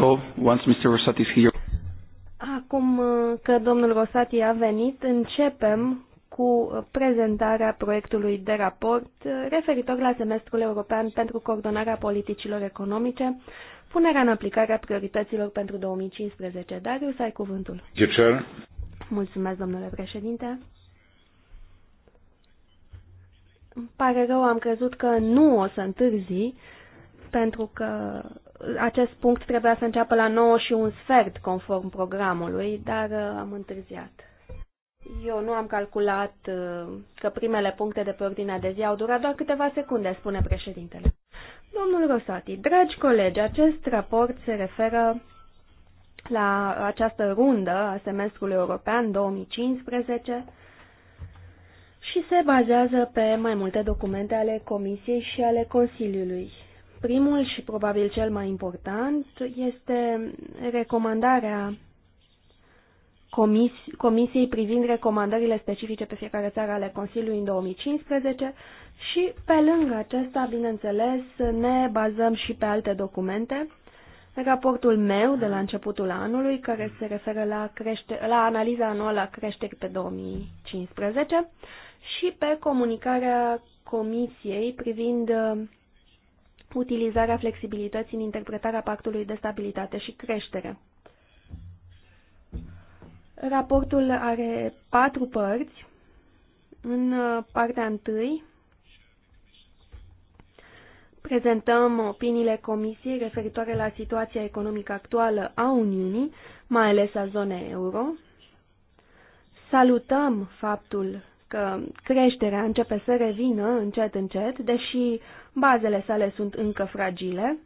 So, once Mr. Rosati is here... Acum uh, că domnul Rosati a venit, începem cu prezentarea proiectului de raport uh, referitor la semestrul european pentru coordonarea politicilor economice, punerea în aplicare a priorităților pentru 2015. Darius, ai cuvântul. Gipser. Mulțumesc, domnule președinte. Îmi pare rău, am crezut că nu o să întârzi, pentru că acest punct trebuia să înceapă la 9 și un sfert, conform programului, dar uh, am întârziat. Eu nu am calculat uh, că primele puncte de pe ordinea de zi au durat doar câteva secunde, spune președintele. Domnul Rosati, dragi colegi, acest raport se referă la această rundă a semestrului european 2015 și se bazează pe mai multe documente ale Comisiei și ale Consiliului. Primul și probabil cel mai important este recomandarea comis Comisiei privind recomandările specifice pe fiecare țară ale Consiliului în 2015 și pe lângă acesta, bineînțeles, ne bazăm și pe alte documente. Raportul meu de la începutul anului, care se referă la, crește, la analiza anuală a creșterii pe 2015 și pe comunicarea Comisiei privind utilizarea flexibilității în interpretarea pactului de stabilitate și creștere. Raportul are patru părți. În uh, partea întâi prezentăm opiniile Comisiei referitoare la situația economică actuală a Uniunii, mai ales a zonei euro. Salutăm faptul că creșterea începe să revină încet încet, deși Bazele sale sunt încă fragile,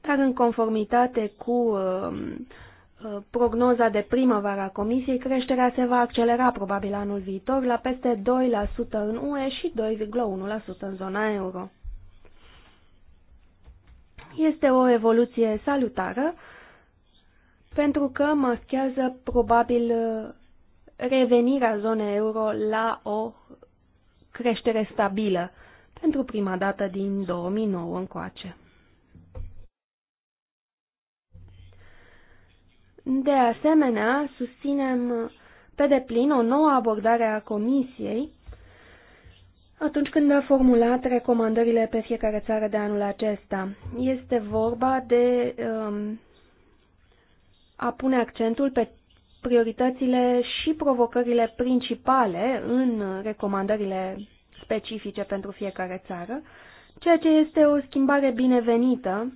dar în conformitate cu um, uh, prognoza de primăvară a Comisiei, creșterea se va accelera probabil anul viitor la peste 2% în UE și 2,1% în zona euro. Este o evoluție salutară pentru că maschează probabil uh, revenirea zonei euro la o creștere stabilă pentru prima dată din 2009 încoace. De asemenea, susținem pe deplin o nouă abordare a Comisiei atunci când a formulat recomandările pe fiecare țară de anul acesta. Este vorba de um, a pune accentul pe prioritățile și provocările principale în recomandările specifice pentru fiecare țară, ceea ce este o schimbare binevenită,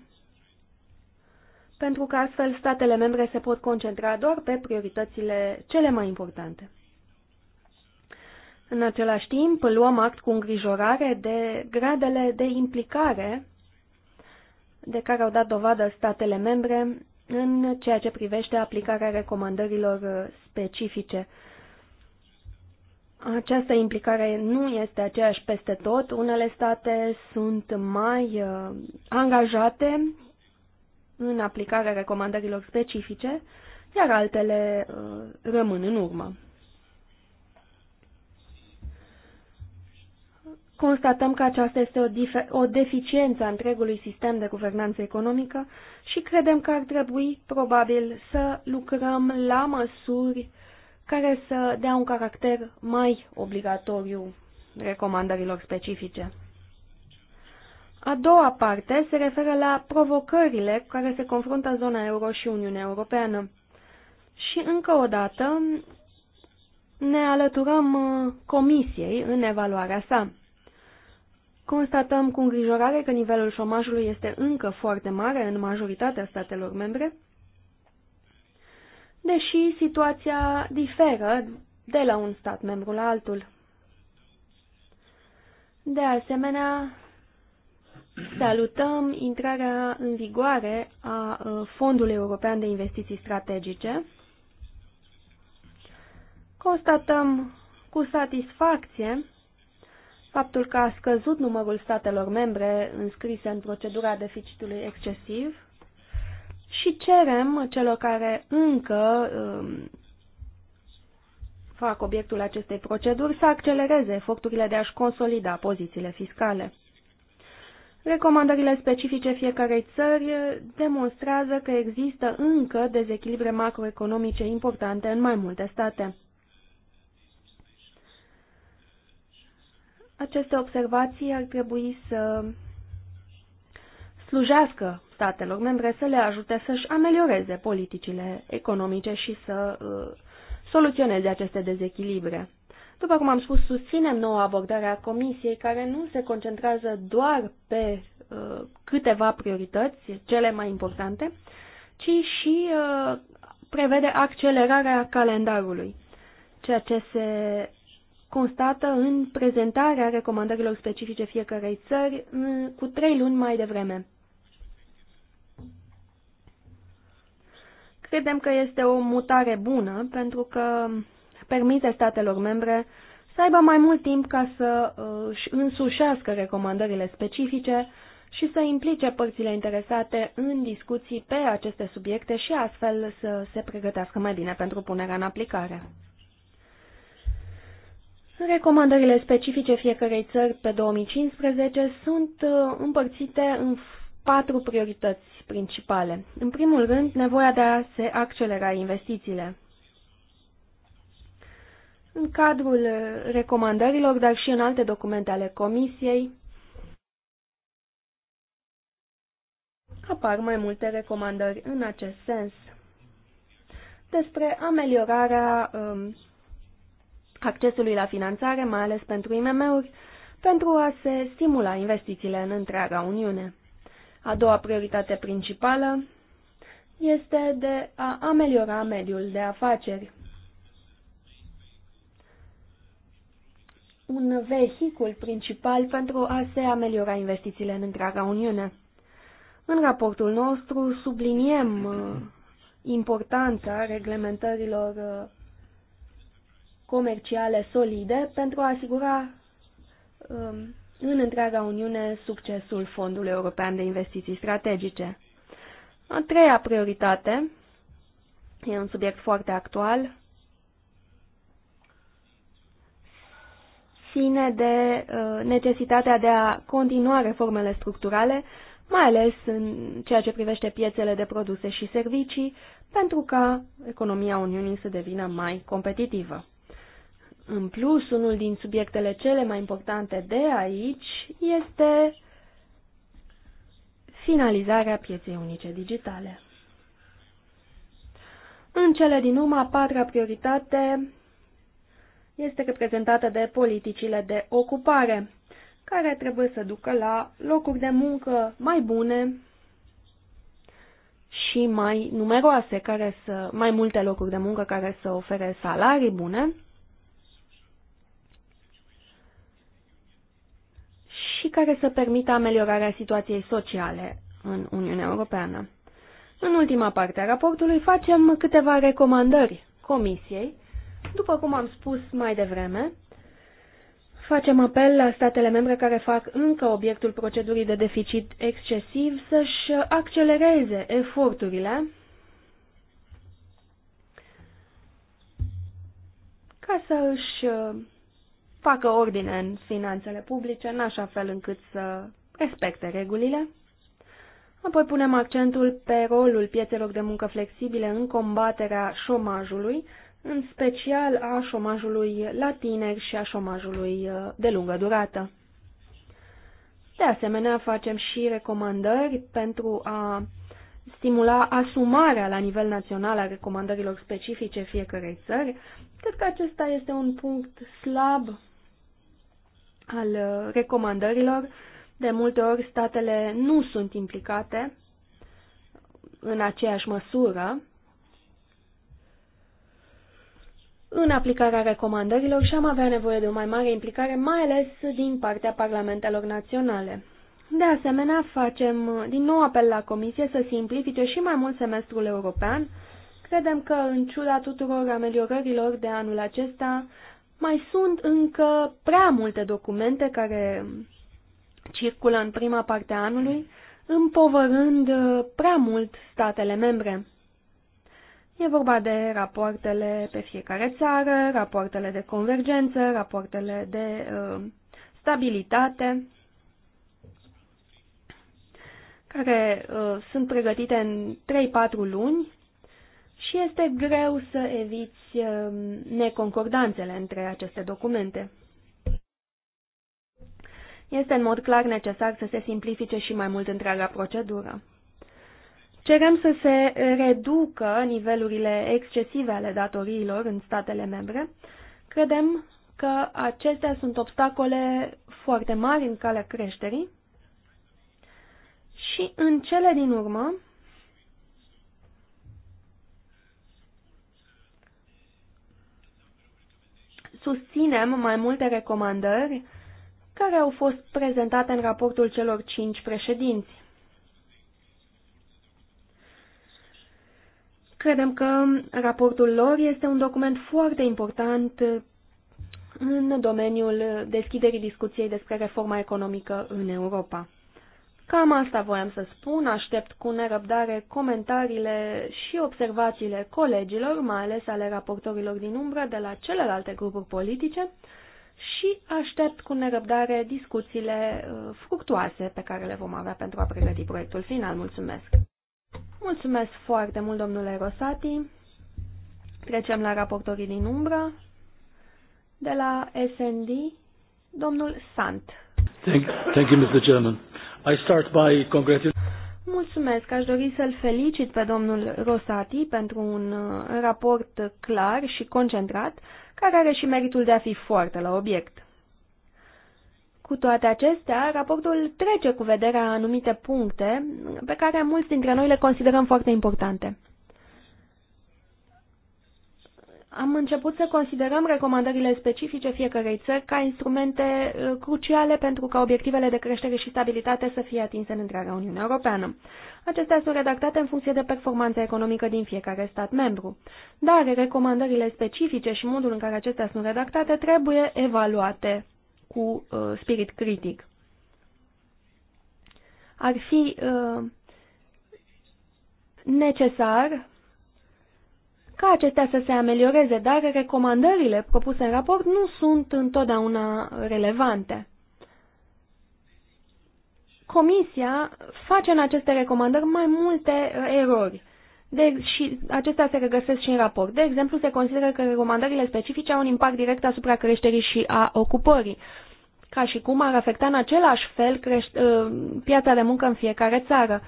pentru că astfel statele membre se pot concentra doar pe prioritățile cele mai importante. În același timp, luăm act cu îngrijorare de gradele de implicare de care au dat dovadă statele membre în ceea ce privește aplicarea recomandărilor specifice această implicare nu este aceeași peste tot. Unele state sunt mai uh, angajate în aplicarea recomandărilor specifice, iar altele uh, rămân în urmă. Constatăm că aceasta este o, o deficiență a întregului sistem de guvernanță economică și credem că ar trebui, probabil, să lucrăm la măsuri care să dea un caracter mai obligatoriu recomandărilor specifice. A doua parte se referă la provocările cu care se confruntă zona euro și Uniunea Europeană. Și încă o dată ne alăturăm uh, comisiei în evaluarea sa. Constatăm cu îngrijorare că nivelul șomajului este încă foarte mare în majoritatea statelor membre deși situația diferă de la un stat membru la altul. De asemenea, salutăm intrarea în vigoare a uh, Fondului European de Investiții Strategice. Constatăm cu satisfacție faptul că a scăzut numărul statelor membre înscrise în procedura deficitului excesiv și cerem celor care încă um, fac obiectul acestei proceduri să accelereze eforturile de a-și consolida pozițiile fiscale. Recomandările specifice fiecarei țări demonstrează că există încă dezechilibre macroeconomice importante în mai multe state. Aceste observații ar trebui să slujească statelor membre, să le ajute să-și amelioreze politicile economice și să uh, soluționeze aceste dezechilibre. După cum am spus, susținem noua abordare a Comisiei, care nu se concentrează doar pe uh, câteva priorități, cele mai importante, ci și uh, prevede accelerarea calendarului, ceea ce se constată în prezentarea recomandărilor specifice fiecarei țări mm, cu trei luni mai devreme. Credem că este o mutare bună pentru că permite statelor membre să aibă mai mult timp ca să uh, își însușească recomandările specifice și să implice părțile interesate în discuții pe aceste subiecte și astfel să se pregătească mai bine pentru punerea în aplicare. Recomandările specifice fiecarei țări pe 2015 sunt uh, împărțite în patru priorități principale. În primul rând, nevoia de a se accelera investițiile. În cadrul recomandărilor, dar și în alte documente ale Comisiei, apar mai multe recomandări în acest sens despre ameliorarea um, accesului la finanțare, mai ales pentru IMM-uri, pentru a se stimula investițiile în întreaga Uniune. A doua prioritate principală este de a ameliora mediul de afaceri. Un vehicul principal pentru a se ameliora investițiile în întreaga Uniune. În raportul nostru subliniem uh, importanța reglementărilor uh, comerciale solide pentru a asigura um, în întreaga Uniune succesul Fondului European de Investiții Strategice. A treia prioritate e un subiect foarte actual. Ține de uh, necesitatea de a continua reformele structurale, mai ales în ceea ce privește piețele de produse și servicii, pentru ca economia Uniunii să devină mai competitivă. În plus, unul din subiectele cele mai importante de aici este finalizarea pieței unice digitale. În cele din urmă, a patra prioritate este reprezentată de politicile de ocupare, care trebuie să ducă la locuri de muncă mai bune și mai numeroase, care să, mai multe locuri de muncă care să ofere salarii bune și care să permită ameliorarea situației sociale în Uniunea Europeană. În ultima parte a raportului facem câteva recomandări Comisiei. După cum am spus mai devreme, facem apel la statele membre care fac încă obiectul procedurii de deficit excesiv să-și accelereze eforturile ca să își uh, facă ordine în finanțele publice, în așa fel încât să respecte regulile. Apoi punem accentul pe rolul piețelor de muncă flexibile în combaterea șomajului, în special a șomajului la tineri și a șomajului uh, de lungă durată. De asemenea, facem și recomandări pentru a stimula asumarea la nivel național a recomandărilor specifice fiecărei țări. Cred că acesta este un punct slab al uh, recomandărilor. De multe ori statele nu sunt implicate în aceeași măsură în aplicarea recomandărilor și am avea nevoie de o mai mare implicare, mai ales din partea parlamentelor naționale. De asemenea, facem din nou apel la Comisie să simplifice și mai mult semestrul european. Credem că, în ciuda tuturor ameliorărilor de anul acesta, mai sunt încă prea multe documente care circulă în prima parte a anului, împovărând uh, prea mult statele membre. E vorba de rapoartele pe fiecare țară, rapoartele de convergență, rapoartele de uh, stabilitate, care uh, sunt pregătite în 3-4 luni și este greu să eviți um, neconcordanțele între aceste documente. Este în mod clar necesar să se simplifice și mai mult întreaga procedură. Cerem să se reducă nivelurile excesive ale datoriilor în statele membre. Credem că acestea sunt obstacole foarte mari în calea creșterii și, în cele din urmă, susținem mai multe recomandări care au fost prezentate în raportul celor cinci președinți. Credem că raportul lor este un document foarte important în domeniul deschiderii discuției despre reforma economică în Europa. Cam asta voiam să spun, aștept cu nerăbdare comentariile și observațiile colegilor, mai ales ale raportorilor din umbră de la celelalte grupuri politice și aștept cu nerăbdare discuțiile uh, fructuoase pe care le vom avea pentru a pregăti proiectul final. Mulțumesc! Mulțumesc foarte mult, domnule Rosati. Trecem la raportorii din umbră. De la SND, domnul Sant. Thank, thank you, Mr. Chairman. I start by congratulating. Mulțumesc. Aș dori să-l felicit pe domnul Rosati pentru un uh, raport clar și concentrat, care are și meritul de a fi foarte la obiect. Cu toate acestea, raportul trece cu vederea anumite puncte pe care mulți dintre noi le considerăm foarte importante am început să considerăm recomandările specifice fiecarei țări ca instrumente uh, cruciale pentru ca obiectivele de creștere și stabilitate să fie atinse în întreaga Uniune Europeană. Acestea sunt redactate în funcție de performanța economică din fiecare stat membru. Dar recomandările specifice și modul în care acestea sunt redactate trebuie evaluate cu uh, spirit critic. Ar fi uh, necesar ca acestea să se amelioreze, dar recomandările propuse în raport nu sunt întotdeauna relevante. Comisia face în aceste recomandări mai multe uh, erori de, și acestea se regăsesc și în raport. De exemplu, se consideră că recomandările specifice au un impact direct asupra creșterii și a ocupării ca și cum ar afecta în același fel crește, ă, piața de muncă în fiecare țară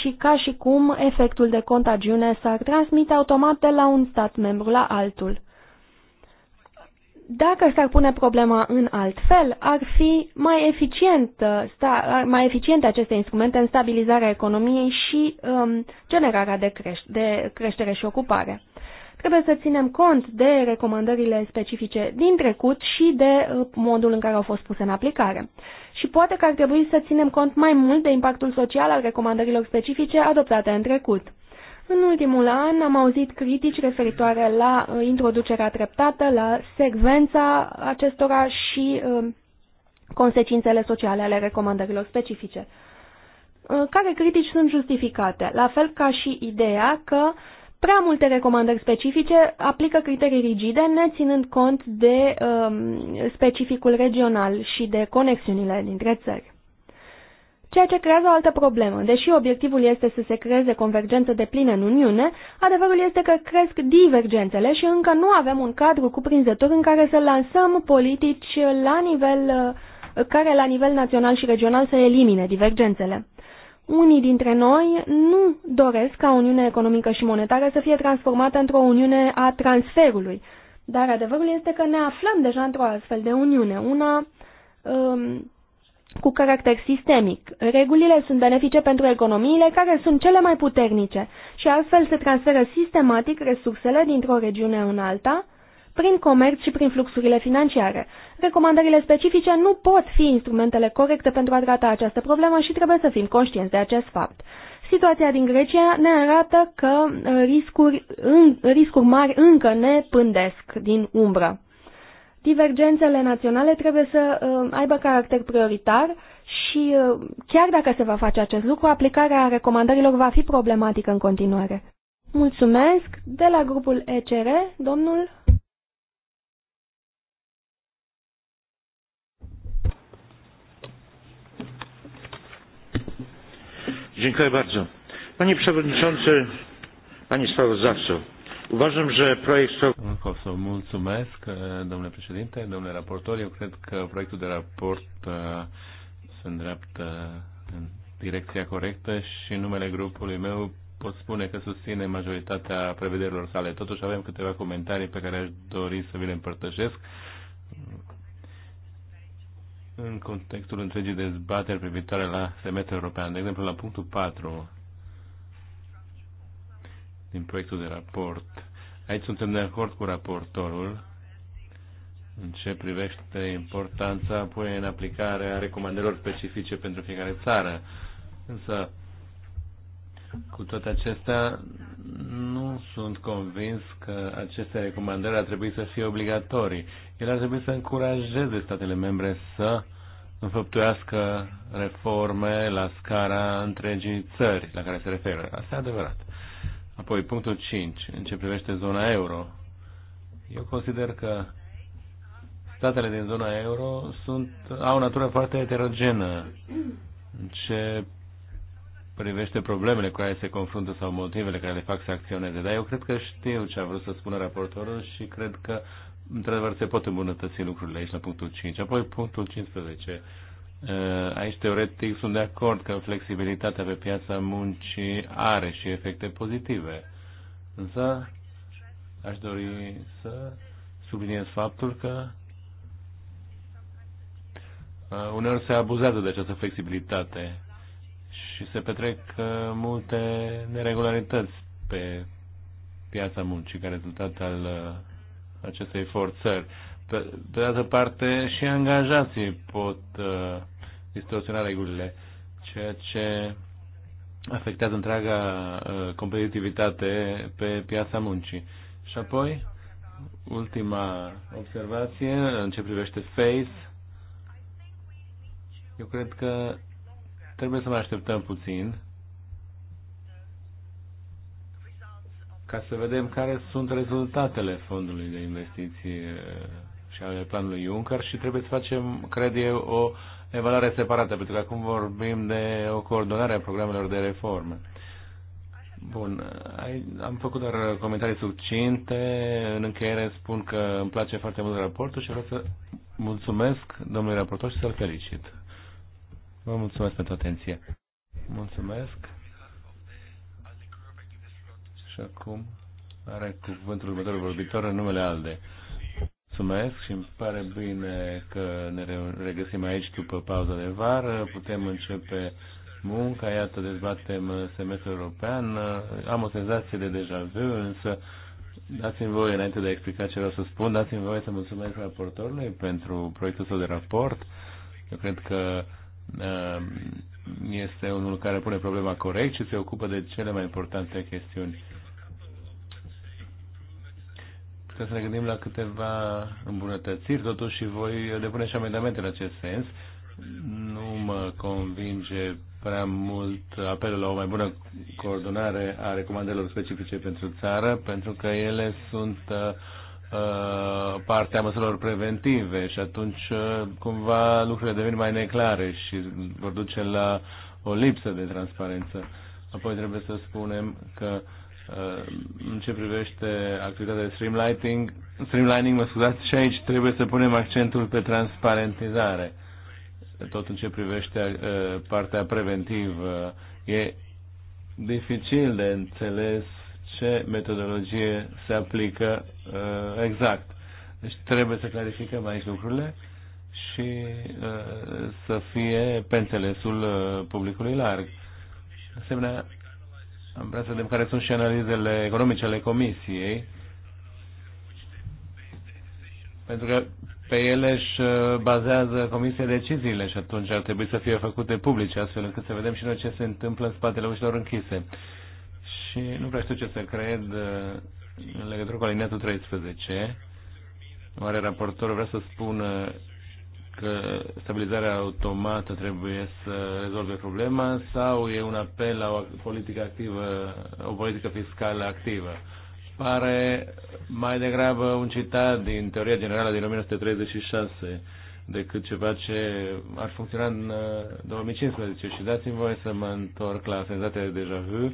și ca și cum efectul de contagiune s-ar transmite automat de la un stat membru la altul. Dacă s-ar pune problema în alt fel, ar fi mai, eficient, ă, sta, mai eficiente aceste instrumente în stabilizarea economiei și um, generarea de, creș- de creștere și ocupare. Trebuie să ținem cont de recomandările specifice din trecut și de uh, modul în care au fost puse în aplicare. Și poate că ar trebui să ținem cont mai mult de impactul social al recomandărilor specifice adoptate în trecut. În ultimul an am auzit critici referitoare la uh, introducerea treptată, la secvența acestora și uh, consecințele sociale ale recomandărilor specifice, care critici sunt justificate, la fel ca și ideea că Prea multe recomandări specifice aplică criterii rigide, neținând cont de um, specificul regional și de conexiunile dintre țări. Ceea ce creează o altă problemă. Deși obiectivul este să se creeze convergență de plină în Uniune, adevărul este că cresc divergențele și încă nu avem un cadru cuprinzător în care să lansăm politici la nivel, uh, care la nivel național și regional să elimine divergențele. Unii dintre noi nu doresc ca Uniunea Economică și Monetară să fie transformată într-o Uniune a transferului, dar adevărul este că ne aflăm deja într-o astfel de Uniune, una um, cu caracter sistemic. Regulile sunt benefice pentru economiile care sunt cele mai puternice și astfel se transferă sistematic resursele dintr-o regiune în alta, prin comerț și prin fluxurile financiare. Recomandările specifice nu pot fi instrumentele corecte pentru a trata această problemă și trebuie să fim conștienți de acest fapt. Situația din Grecia ne arată că uh, riscuri, în, riscuri mari încă ne pândesc din umbră. Divergențele naționale trebuie să uh, aibă caracter prioritar și uh, chiar dacă se va face acest lucru, aplicarea recomandărilor va fi problematică în continuare. Mulțumesc. De la grupul ECR, domnul Dziękuję bardzo. Panie Przewodniczący, Panie Sprawozdawco, uważam, że projekt Mulțumesc, domnule președinte, domnule raportor. Eu cred că proiectul de raport se îndreaptă în direcția corectă și în numele grupului meu pot spune că susține majoritatea prevederilor sale. Totuși avem câteva comentarii pe care aș dori să vi le împărtășesc în contextul întregii dezbateri privitoare la semestrul european, de exemplu la punctul 4 din proiectul de raport. Aici suntem de acord cu raportorul în ce privește importanța apoi în aplicarea recomandărilor specifice pentru fiecare țară. Însă, cu toate acestea, nu sunt convins că aceste recomandări ar trebui să fie obligatorii el ar trebui să încurajeze statele membre să înfăptuiască reforme la scara întregii țări la care se referă. Asta e adevărat. Apoi, punctul 5, în ce privește zona euro. Eu consider că statele din zona euro sunt, au o natură foarte heterogenă în ce privește problemele cu care se confruntă sau motivele care le fac să acționeze. Dar eu cred că știu ce a vrut să spună raportorul și cred că într-adevăr, se pot îmbunătăți lucrurile aici la punctul 5. Apoi punctul 15. Eh, aici, teoretic, sunt de acord că flexibilitatea pe piața muncii are și efecte pozitive. Însă, aș dori să subliniez faptul că eh, uneori se abuzează de această flexibilitate și se petrec eh, multe neregularități pe piața muncii ca rezultat al acestei forțări. Pe, pe de altă parte, și angajații pot uh, distorsiona regulile, ceea ce afectează întreaga uh, competitivitate pe piața muncii. Și apoi, ultima observație în ce privește FACE. Eu cred că trebuie să mai așteptăm puțin ca să vedem care sunt rezultatele fondului de investiții eh, și ale planului Juncker și trebuie să facem, cred eu, o evaluare separată, pentru că acum vorbim de o coordonare a programelor de reformă. Bun, am făcut doar comentarii succinte. În încheiere spun că îmi place foarte mult raportul și vreau să mulțumesc domnului raportor și să-l felicit. Vă mulțumesc pentru atenție. Mulțumesc. Și acum are cuvântul următorul vorbitor în numele ALDE. Mulțumesc și îmi pare bine că ne regăsim aici după pauza de vară. Putem începe munca, iată, dezbatem semestrul european. Am o senzație de deja vu, însă dați-mi voie, înainte de a explica ce vreau să spun, dați-mi voie să mulțumesc raportorului pentru proiectul său de raport. Eu cred că um, este unul care pune problema corect și se ocupă de cele mai importante chestiuni să ne gândim la câteva îmbunătățiri, totuși voi depune și amendamente în acest sens. Nu mă convinge prea mult apelul la o mai bună coordonare a recomandărilor specifice pentru țară, pentru că ele sunt uh, partea măsurilor preventive și atunci uh, cumva lucrurile devin mai neclare și vor duce la o lipsă de transparență. Apoi trebuie să spunem că uh, Uh, în ce privește activitatea de streamlining, streamlining, mă scuzați, și aici trebuie să punem accentul pe transparentizare. Tot în ce privește uh, partea preventivă, e dificil de înțeles ce metodologie se aplică uh, exact. Deci trebuie să clarificăm aici lucrurile și uh, să fie pe înțelesul uh, publicului larg. De asemenea, am vrea să vedem care sunt și analizele economice ale Comisiei, pentru că pe ele își uh, bazează Comisia deciziile și atunci ar trebui să fie făcute publice, astfel încât să vedem și noi ce se întâmplă în spatele ușilor închise. Și nu prea știu ce să cred uh, în legătură cu alineatul 13. Oare raportorul vrea să spună că stabilizarea automată trebuie să rezolve problema sau e un apel la o politică activă, o politică fiscală activă? Pare mai degrabă un citat din teoria generală din 1936 decât ceva ce ar funcționa în 2015 uh, și dați-mi voie să mă întorc la senzația de deja vu.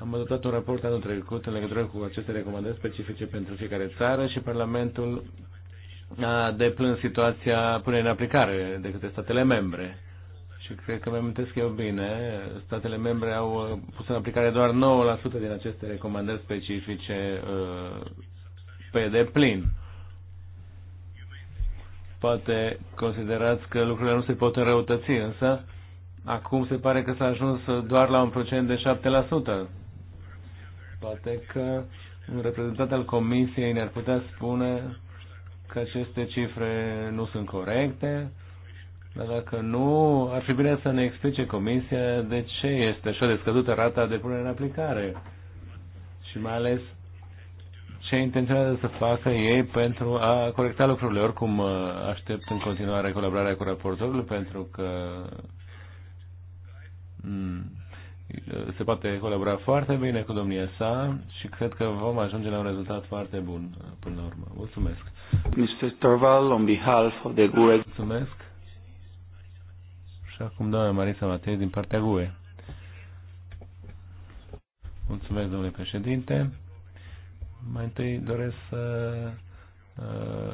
Am adoptat un raport anul trecut în legătură cu aceste recomandări specifice pentru fiecare țară și Parlamentul a deplâns situația până în aplicare de către statele membre. Și cred că mi-am eu bine, statele membre au uh, pus în aplicare doar 9% din aceste recomandări specifice uh, pe deplin. Poate considerați că lucrurile nu se pot înrăutăți, însă acum se pare că s-a ajuns doar la un procent de 7%. Poate că un reprezentant al Comisiei ne-ar putea spune că aceste cifre nu sunt corecte, dar dacă nu, ar fi bine să ne explice Comisia de ce este așa de scăzută rata de punere în aplicare și mai ales ce intenționează să facă ei pentru a corecta lucrurile. Oricum, uh, aștept în continuare colaborarea cu raportorul pentru că mm, se poate colabora foarte bine cu domnia sa și cred că vom ajunge la un rezultat foarte bun uh, până la urmă. Mulțumesc. Mr. Torval, on behalf of the GUE. Mulțumesc. Și acum doamna Marisa Matei din partea GUE. Mulțumesc, domnule președinte. Mai întâi doresc să Uh,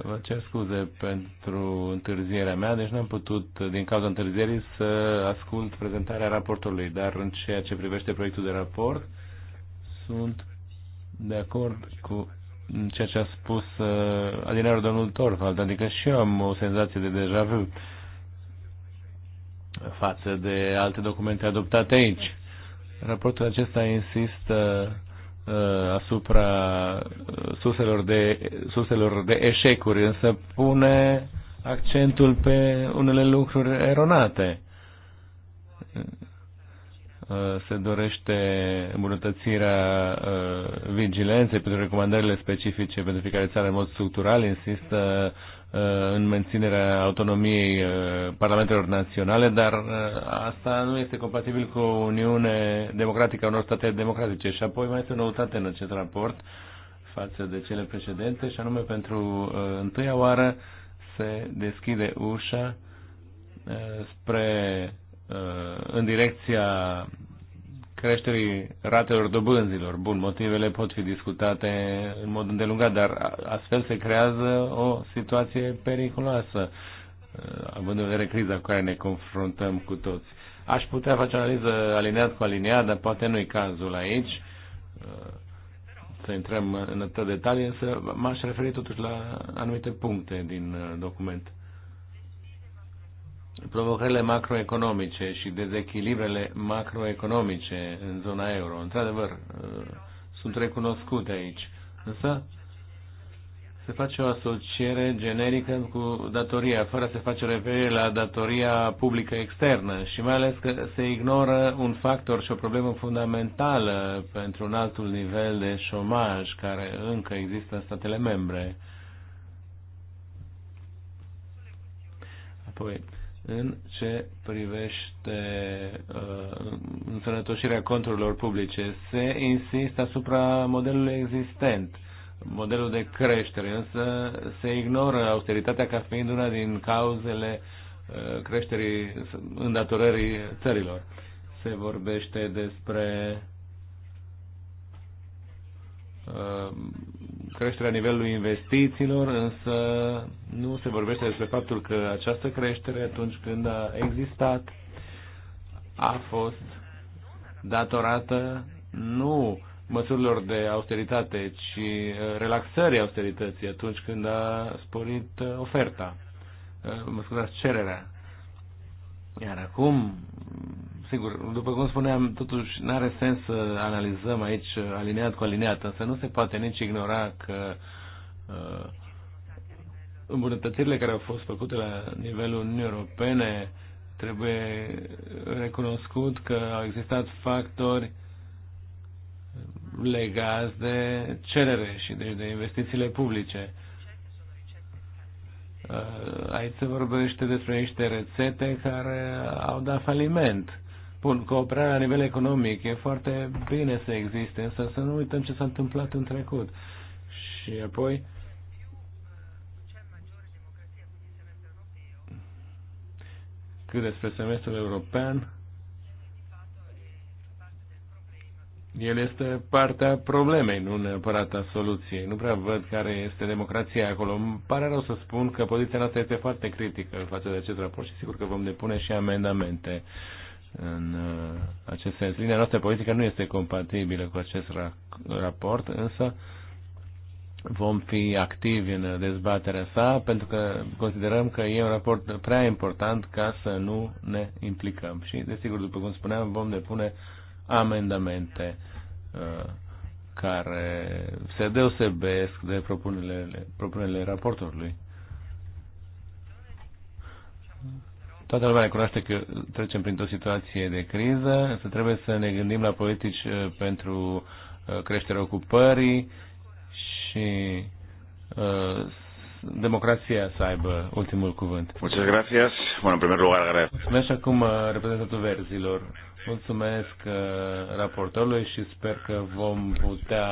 vă cer scuze pentru întârzierea mea, deci n-am putut, din cauza întârzierii, să ascult prezentarea raportului, dar în ceea ce privește proiectul de raport, sunt de acord cu ceea ce a spus uh, adinearul domnul Torvald, adică și eu am o senzație de deja vu față de alte documente adoptate aici. Raportul acesta insistă Uh, asupra uh, surselor de, surselor de eșecuri, însă pune accentul pe unele lucruri eronate. Uh, se dorește îmbunătățirea vigilenței pentru recomandările specifice pentru fiecare țară în mod structural, insistă Uh, în menținerea autonomiei uh, parlamentelor naționale, dar uh, asta nu este compatibil cu Uniune democratică a unor state democratice. Și apoi mai este o noutate în acest raport față de cele precedente, și anume pentru întâia oară se deschide ușa spre în direcția creșterii ratelor dobânzilor. Bun, motivele pot fi discutate în mod îndelungat, dar astfel se creează o situație periculoasă, uh, având în vedere criza cu care ne confruntăm cu toți. Aș putea face o analiză alineat cu alineat, dar poate nu-i cazul aici uh, să intrăm în atât detalii, însă m-aș referi totuși la anumite puncte din uh, document provocările macroeconomice și dezechilibrele macroeconomice în zona euro. Într-adevăr, uh, sunt recunoscute aici. Însă, se face o asociere generică cu datoria, fără să se face referire la datoria publică externă și mai ales că se ignoră un factor și o problemă fundamentală pentru un altul nivel de șomaj care încă există în statele membre. Apoi, în ce privește uh, însănătoșirea conturilor publice. Se insistă asupra modelului existent, modelul de creștere, însă se ignoră austeritatea ca fiind una din cauzele uh, creșterii îndatorării țărilor. Se vorbește despre uh, creșterea nivelului investițiilor, însă nu se vorbește despre faptul că această creștere, atunci când a existat, a fost datorată nu măsurilor de austeritate, ci uh, relaxării austerității atunci când a sporit uh, oferta, uh, mă scuzați, cererea. Iar acum Sigur, după cum spuneam, totuși nu are sens să analizăm aici uh, alineat cu alineat, însă nu se poate nici ignora că uh, îmbunătățirile care au fost făcute la nivelul Uniunii Europene trebuie recunoscut că au existat factori legați de cerere și de, deci de investițiile publice. Uh, aici se vorbește despre niște rețete care au dat faliment Bun, cooperarea la nivel economic e foarte bine să existe, însă să nu uităm ce s-a întâmplat în trecut. Și apoi, cât despre semestrul european, el este partea problemei, nu neapărat a soluției. Nu prea văd care este democrația acolo. Îmi pare rău să spun că poziția noastră este foarte critică în față de acest raport și sigur că vom depune și amendamente în uh, acest sens. Linia noastră politică nu este compatibilă cu acest raport, însă vom fi activi în dezbaterea sa pentru că considerăm că e un raport prea important ca să nu ne implicăm. Și, desigur, după cum spuneam, vom depune amendamente uh, care se deosebesc de propunerile, propunerile raportului. Toată lumea recunoaște că trecem printr-o situație de criză, să trebuie să ne gândim la politici uh, pentru uh, creșterea ocupării și uh, democrația să aibă ultimul cuvânt. Muchas gracias. Bueno, en primer lugar, gracias. Mulțumesc acum reprezentantul verzilor. Mulțumesc raportorului și sper că vom putea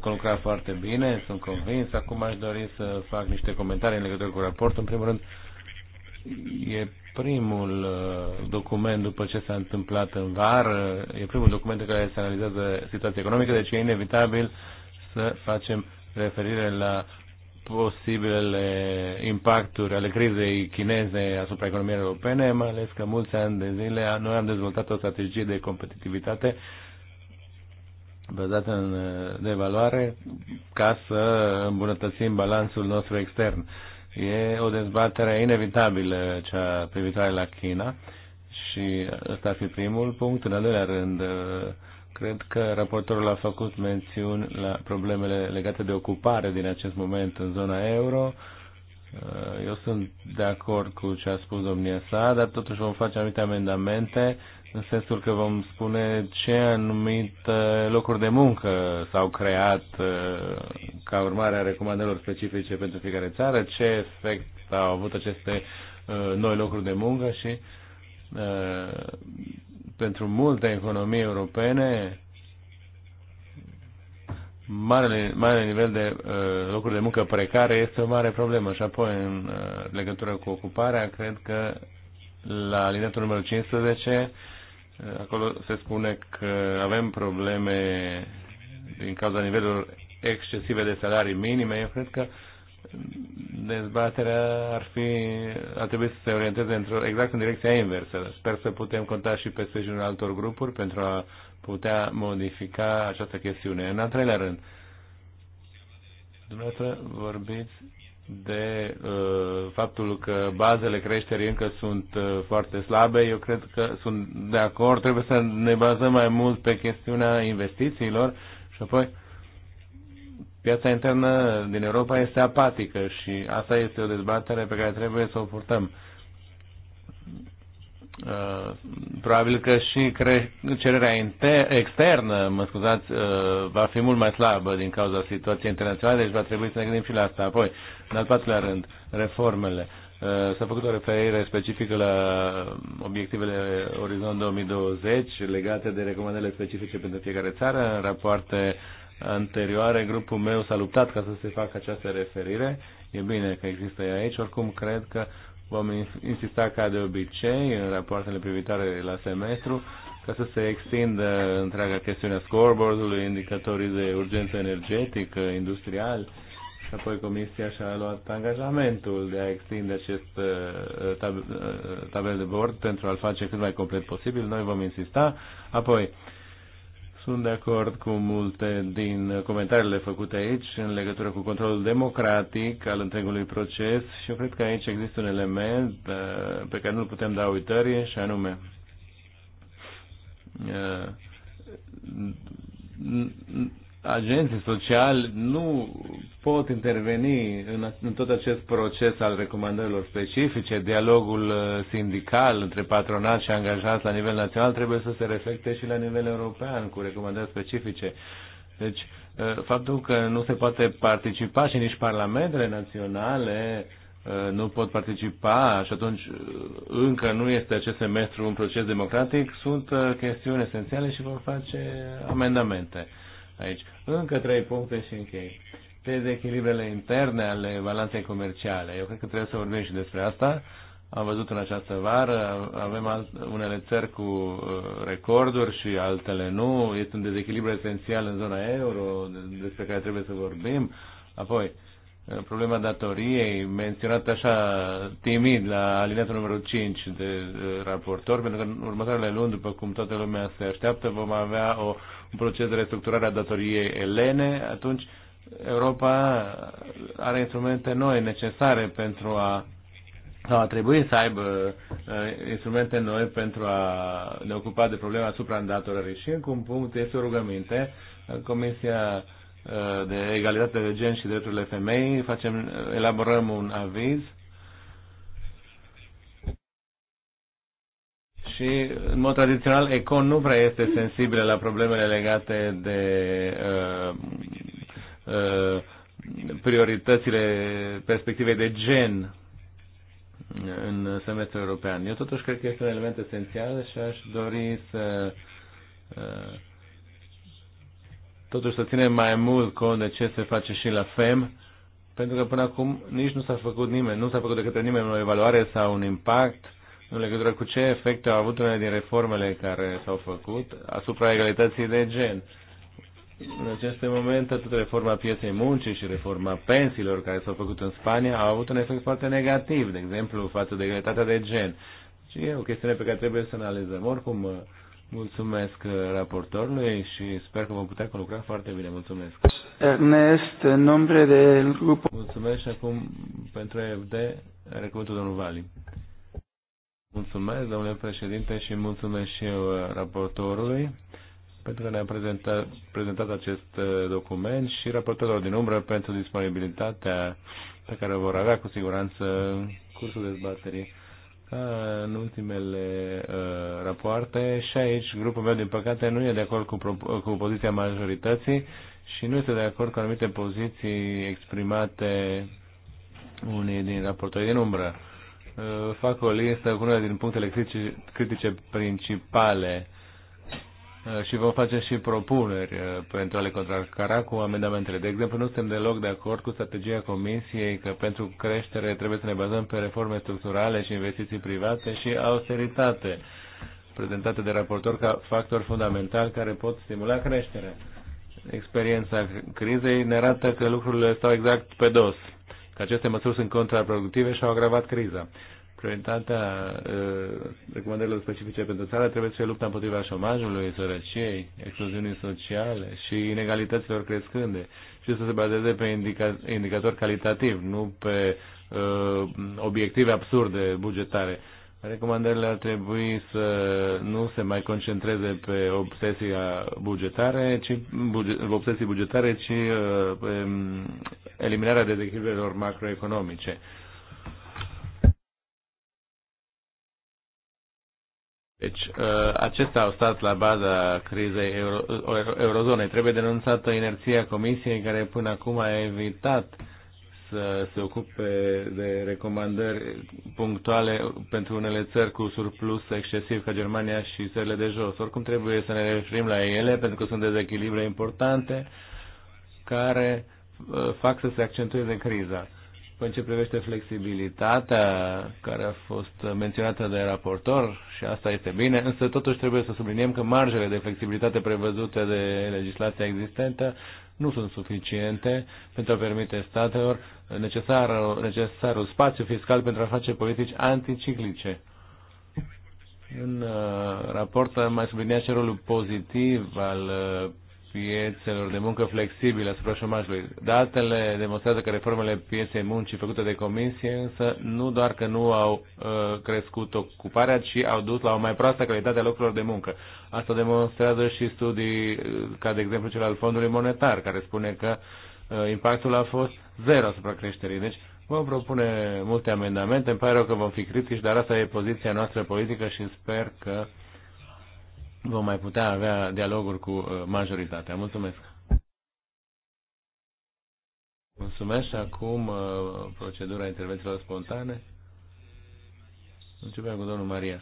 conlucra foarte bine, sunt convins. Acum aș dori să fac niște comentarii în legătură cu raportul. În primul rând, E primul uh, document după ce s-a întâmplat în vară, e primul document în care se analizează situația economică, deci e inevitabil să facem referire la posibilele impacturi ale crizei chineze asupra economiei europene, mai ales că mulți ani de zile noi am dezvoltat o strategie de competitivitate bazată în uh, devaluare ca să îmbunătățim balanțul nostru extern. E o dezbatere inevitabilă cea privitoare la China și ăsta ar fi primul punct. În al doilea rând, cred că raportorul a făcut mențiuni la problemele legate de ocupare din acest moment în zona euro. Eu sunt de acord cu ce a spus domnia sa, dar totuși vom face anumite amendamente în sensul că vom spune ce anumite locuri de muncă s-au creat uh, ca urmare a recomandărilor specifice pentru fiecare țară, ce efect au avut aceste uh, noi locuri de muncă și uh, pentru multe economii europene marele, mare nivel de uh, locuri de muncă precare este o mare problemă. Și apoi, în uh, legătură cu ocuparea, cred că la alineatul numărul 15 Acolo se spune că avem probleme din cauza nivelurilor excesive de salarii minime. Eu cred că dezbaterea ar, fi, ar trebui să se orienteze într-o, exact în direcția inversă. Sper să putem conta și pe sprijinul altor grupuri pentru a putea modifica această chestiune. În al treilea rând, dumneavoastră vorbiți de uh, faptul că bazele creșterii încă sunt uh, foarte slabe. Eu cred că sunt de acord, trebuie să ne bazăm mai mult pe chestiunea investițiilor și apoi piața internă din Europa este apatică și asta este o dezbatere pe care trebuie să o purtăm. Uh, Uh, probabil că și cererea inter- externă, mă scuzați, uh, va fi mult mai slabă din cauza situației internaționale, deci va trebui să ne gândim și la asta. Apoi, în al patrulea rând, reformele. Uh, s-a făcut o referire specifică la obiectivele Orizont 2020 legate de recomandările specifice pentru fiecare țară. În rapoarte anterioare, grupul meu s-a luptat ca să se facă această referire. E bine că există aici. Oricum, cred că uh, Vom insista ca de obicei în rapoartele privitoare la semestru ca să se extindă întreaga chestiune a scoreboard-ului, indicatorii de urgență energetică, industrial și apoi Comisia și-a luat angajamentul de a extinde acest uh, tab uh, tabel de bord pentru a-l face cât mai complet posibil. Noi vom insista. Apoi, sunt de acord cu multe din comentariile făcute aici în legătură cu controlul democratic al întregului proces și eu cred că aici există un element uh, pe care nu putem da uitării și anume uh, agenții sociali nu pot interveni în, în tot acest proces al recomandărilor specifice. Dialogul uh, sindical între patronat și angajați la nivel național trebuie să se reflecte și la nivel european cu recomandări specifice. Deci, uh, faptul că nu se poate participa și nici parlamentele naționale uh, nu pot participa și atunci încă nu este acest semestru un proces democratic, sunt chestiuni esențiale și vom face amendamente aici. Încă trei puncte și închei. Dezechilibrele interne ale balanței comerciale. Eu cred că trebuie să vorbim și despre asta. Am văzut în această vară, avem unele țări cu uh, recorduri și altele nu. Este un dezechilibru esențial în zona euro despre care trebuie să vorbim. Apoi, uh, problema datoriei, menționată așa timid la alineatul numărul 5 de uh, raportor, pentru că în următoarele luni, după cum toată lumea se așteaptă, vom avea o un proces de restructurare a datoriei elene, atunci Europa are instrumente noi necesare pentru a sau a trebuit să aibă uh, instrumente noi pentru a ne ocupa de problema îndatorării. Și încă un punct este o rugăminte. Comisia uh, de Egalitate de Gen și Drepturile Femei facem, elaborăm un aviz uh, și, în mod tradițional, Econ nu prea este sensibilă la problemele legate de uh, uh, prioritățile perspective de gen în semestrul european. Eu totuși cred că este un element esențial și aș dori să uh, totuși să ținem mai mult cont de ce se face și la FEM, pentru că până acum nici nu s-a făcut nimeni, nu s-a făcut de către nimeni o evaluare sau un impact în legătură cu ce efecte au avut unele din reformele care s-au făcut asupra egalității de gen. În aceste momente, atât reforma pieței muncii și reforma pensiilor care s-au făcut în Spania au avut un efect foarte negativ, de exemplu, față de egalitatea de gen. Și e o chestiune pe care trebuie să analizăm. Oricum, mulțumesc raportorului și sper că vom putea lucra foarte bine. Mulțumesc. Ernest, în nombre del grup. Mulțumesc și acum pentru EFD, recuvântul domnul Vali. Mulțumesc, domnule președinte, și mulțumesc și eu uh, raportorului pentru că ne-a prezentat, prezentat acest uh, document și raportorilor din umbră pentru disponibilitatea pe care o vor avea cu siguranță în cursul dezbaterii ca în ultimele uh, rapoarte și aici grupul meu, din păcate, nu e de acord cu, cu poziția majorității și nu este de acord cu anumite poziții exprimate unii din raportorii din umbră. Uh, fac o listă cu unele din punctele critice principale uh, și vom face și propuneri uh, pentru a le contracara cu amendamentele. De exemplu, nu suntem deloc de acord cu strategia Comisiei că pentru creștere trebuie să ne bazăm pe reforme structurale și investiții private și austeritate, prezentate de raportor ca factor fundamental care pot stimula creșterea. Experiența crizei ne arată că lucrurile stau exact pe dos că aceste măsuri sunt contraproductive și au agravat criza. Prioritatea uh, recomandărilor specifice pentru țară trebuie să fie lupta împotriva șomajului, sărăciei, excluziunii sociale și inegalităților crescânde și să se bazeze pe indica, indicatori calitativ, nu pe uh, obiective absurde bugetare. Uh, Recomandările ar trebui să nu se mai concentreze pe obsesia bugetare, ci, buge, obsesii bugetare, ci uh, pe mm, eliminarea dezechilibrelor macroeconomice. Deci, uh, acesta au stat la baza crizei euro, eurozonei. Trebuie denunțată inerția Comisiei care până acum a evitat uh, să se ocupe de recomandări punctuale pentru unele țări cu surplus excesiv ca Germania și țările de jos. Oricum trebuie să ne referim la ele pentru că sunt dezechilibre importante care uh, fac să se accentueze criza. Păi în ce privește flexibilitatea care a fost menționată de raportor, și asta este bine, însă totuși trebuie să subliniem că marjele de flexibilitate prevăzute de legislația existentă nu sunt suficiente pentru a permite statelor necesarul, necesarul spațiu fiscal pentru a face politici anticiclice. În uh, raport am mai subliniat rolul pozitiv al uh, piețelor de muncă flexibile asupra șomajului. Datele demonstrează că reformele pieței muncii făcute de comisie însă nu doar că nu au uh, crescut ocuparea, ci au dus la o mai proastă calitate a locurilor de muncă. Asta demonstrează și studii uh, ca de exemplu cel al Fondului Monetar, care spune că uh, impactul a fost zero asupra creșterii. Deci vom propune multe amendamente, îmi pare rău că vom fi critici, dar asta e poziția noastră politică și sper că uh, vom mai putea avea dialoguri cu uh, majoritatea. Mulțumesc! Mulțumesc acum uh, procedura intervențiilor spontane. Începem cu domnul Marias.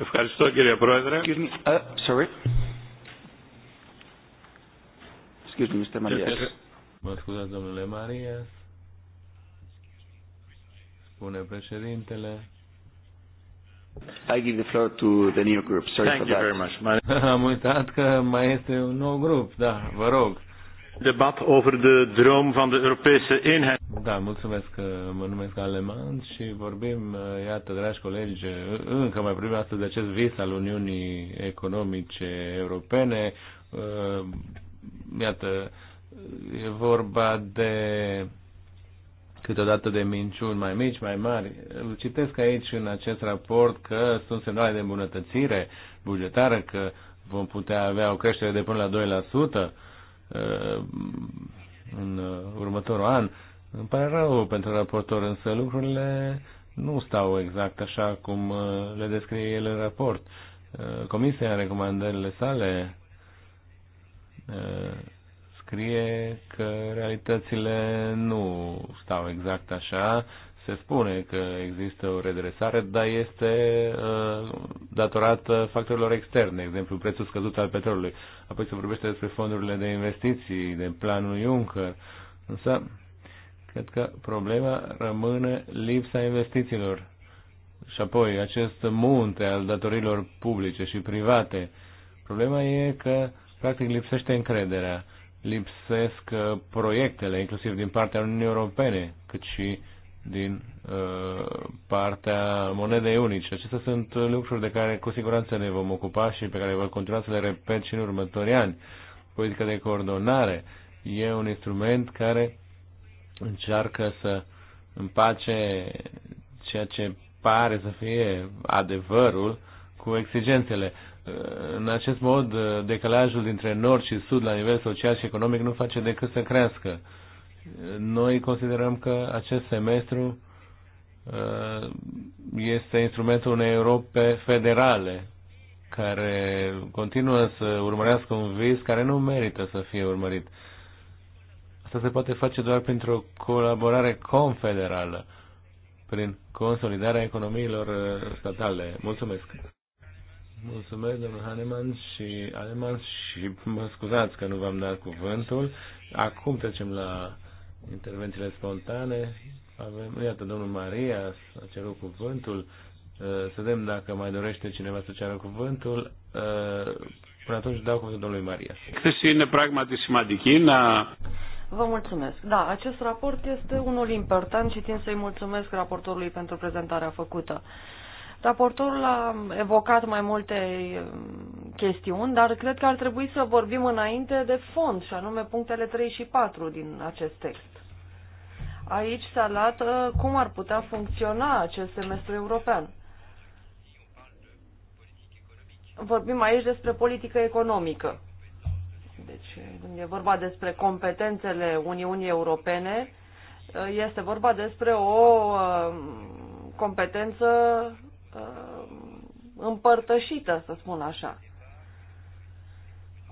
Ευχαριστώ κύριε Πρόεδρε. Uh, sorry. Excuse me, Mr. Marias. Mă scuzați, domnule Marias. Spune președintele. I give the floor to the new group. Sorry Thank for you that. very much. Am uitat că mai este un nou grup, da, vă rog. Debat over de droom van de Europese eenheid. Da, mulțumesc că uh, mă numesc Aleman și vorbim, uh, iată, dragi colegi, uh, încă mai vorbim astăzi de acest vis al Uniunii Economice Europene. Iată, e vorba de câteodată de minciuni mai mici, mai mari. Citesc aici în acest raport că sunt semnale de îmbunătățire bugetară, că vom putea avea o creștere de până la 2% uh, în uh, următorul an. Îmi pare rău pentru raportor, însă lucrurile nu stau exact așa cum uh, le descrie el în raport. Comisia, în recomandările sale, scrie că realitățile nu stau exact așa. Se spune că există o redresare, dar este uh, datorată factorilor externe, de exemplu prețul scăzut al petrolului. Apoi se vorbește despre fondurile de investiții, de planul Juncker. Însă, cred că problema rămâne lipsa investițiilor. Și apoi, acest munte al datorilor publice și private. Problema e că, practic, lipsește încrederea lipsesc uh, proiectele, inclusiv din partea Uniunii Europene, cât și din uh, partea monedei unice. Acestea sunt uh, lucruri de care cu siguranță ne vom ocupa și pe care vă continua să le repet și în următorii ani. Politica de coordonare e un instrument care încearcă să împace ceea ce pare să fie adevărul cu exigențele. În acest mod, uh, decalajul dintre nord și sud la nivel social și economic nu face decât să crească. Noi considerăm că acest semestru uh, este instrumentul unei Europe federale, care continuă să urmărească un vis care nu merită să fie urmărit. Asta se poate face doar printr-o colaborare confederală, prin consolidarea economiilor uh, statale. Mulțumesc! Mulțumesc, domnul Haneman și Aleman și mă scuzați că nu v-am dat cuvântul. Acum trecem la intervențiile spontane. Avem, iată, domnul Maria a cerut cuvântul. Uh, să vedem dacă mai dorește cineva să ceară cuvântul. Uh, până atunci dau cuvântul domnului Maria. Cristina Pragmati Simadichina. Vă mulțumesc. Da, acest raport este unul important și țin să-i mulțumesc raportorului pentru prezentarea făcută. Uh, Raportorul a evocat mai multe um, chestiuni, dar cred că ar trebui să vorbim înainte de fond, și anume punctele 3 și 4 din acest text. Aici se arată cum ar putea funcționa acest semestru european. Vorbim aici despre politică economică. Deci, când e vorba despre competențele Uniunii Europene, este vorba despre o um, competență Uh, împărtășită, să spun așa.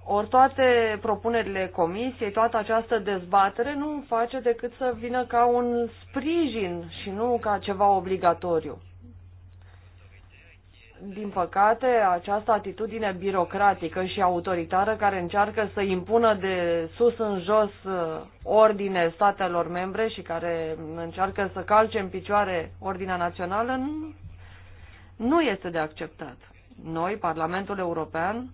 Ori toate propunerile comisiei, toată această dezbatere nu face decât să vină ca un sprijin și nu ca ceva obligatoriu. Din păcate, această atitudine birocratică și autoritară care încearcă să impună de sus în jos uh, ordine statelor membre și care încearcă să calce în picioare ordinea națională nu este de acceptat. Noi, Parlamentul European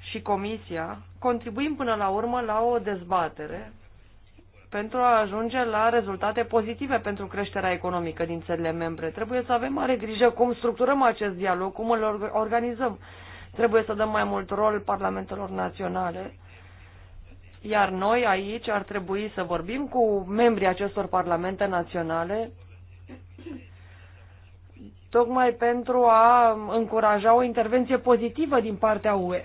și Comisia, contribuim până la urmă la o dezbatere pentru a ajunge la rezultate pozitive pentru creșterea economică din țările membre. Trebuie să avem mare grijă cum structurăm acest dialog, cum îl organizăm. Trebuie să dăm mai mult rol parlamentelor naționale, iar noi aici ar trebui să vorbim cu membrii acestor parlamente naționale tocmai pentru a încuraja o intervenție pozitivă din partea UE.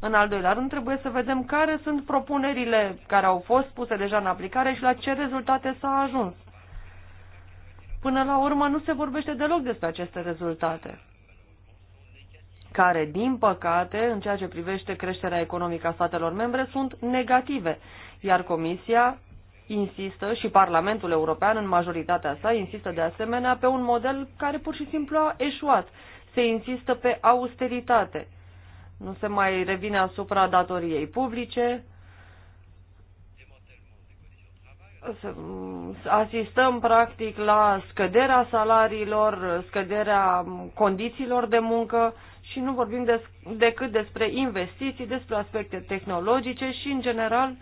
În al doilea rând, trebuie să vedem care sunt propunerile care au fost puse deja în aplicare și la ce rezultate s-a ajuns. Până la urmă, nu se vorbește deloc despre aceste rezultate, care, din păcate, în ceea ce privește creșterea economică a statelor membre, sunt negative, iar Comisia insistă și Parlamentul European în majoritatea sa insistă de asemenea pe un model care pur și simplu a eșuat. Se insistă pe austeritate. Nu se mai revine asupra datoriei publice. Asistăm practic la scăderea salariilor, scăderea condițiilor de muncă și nu vorbim des- decât despre investiții, despre aspecte tehnologice și, în general,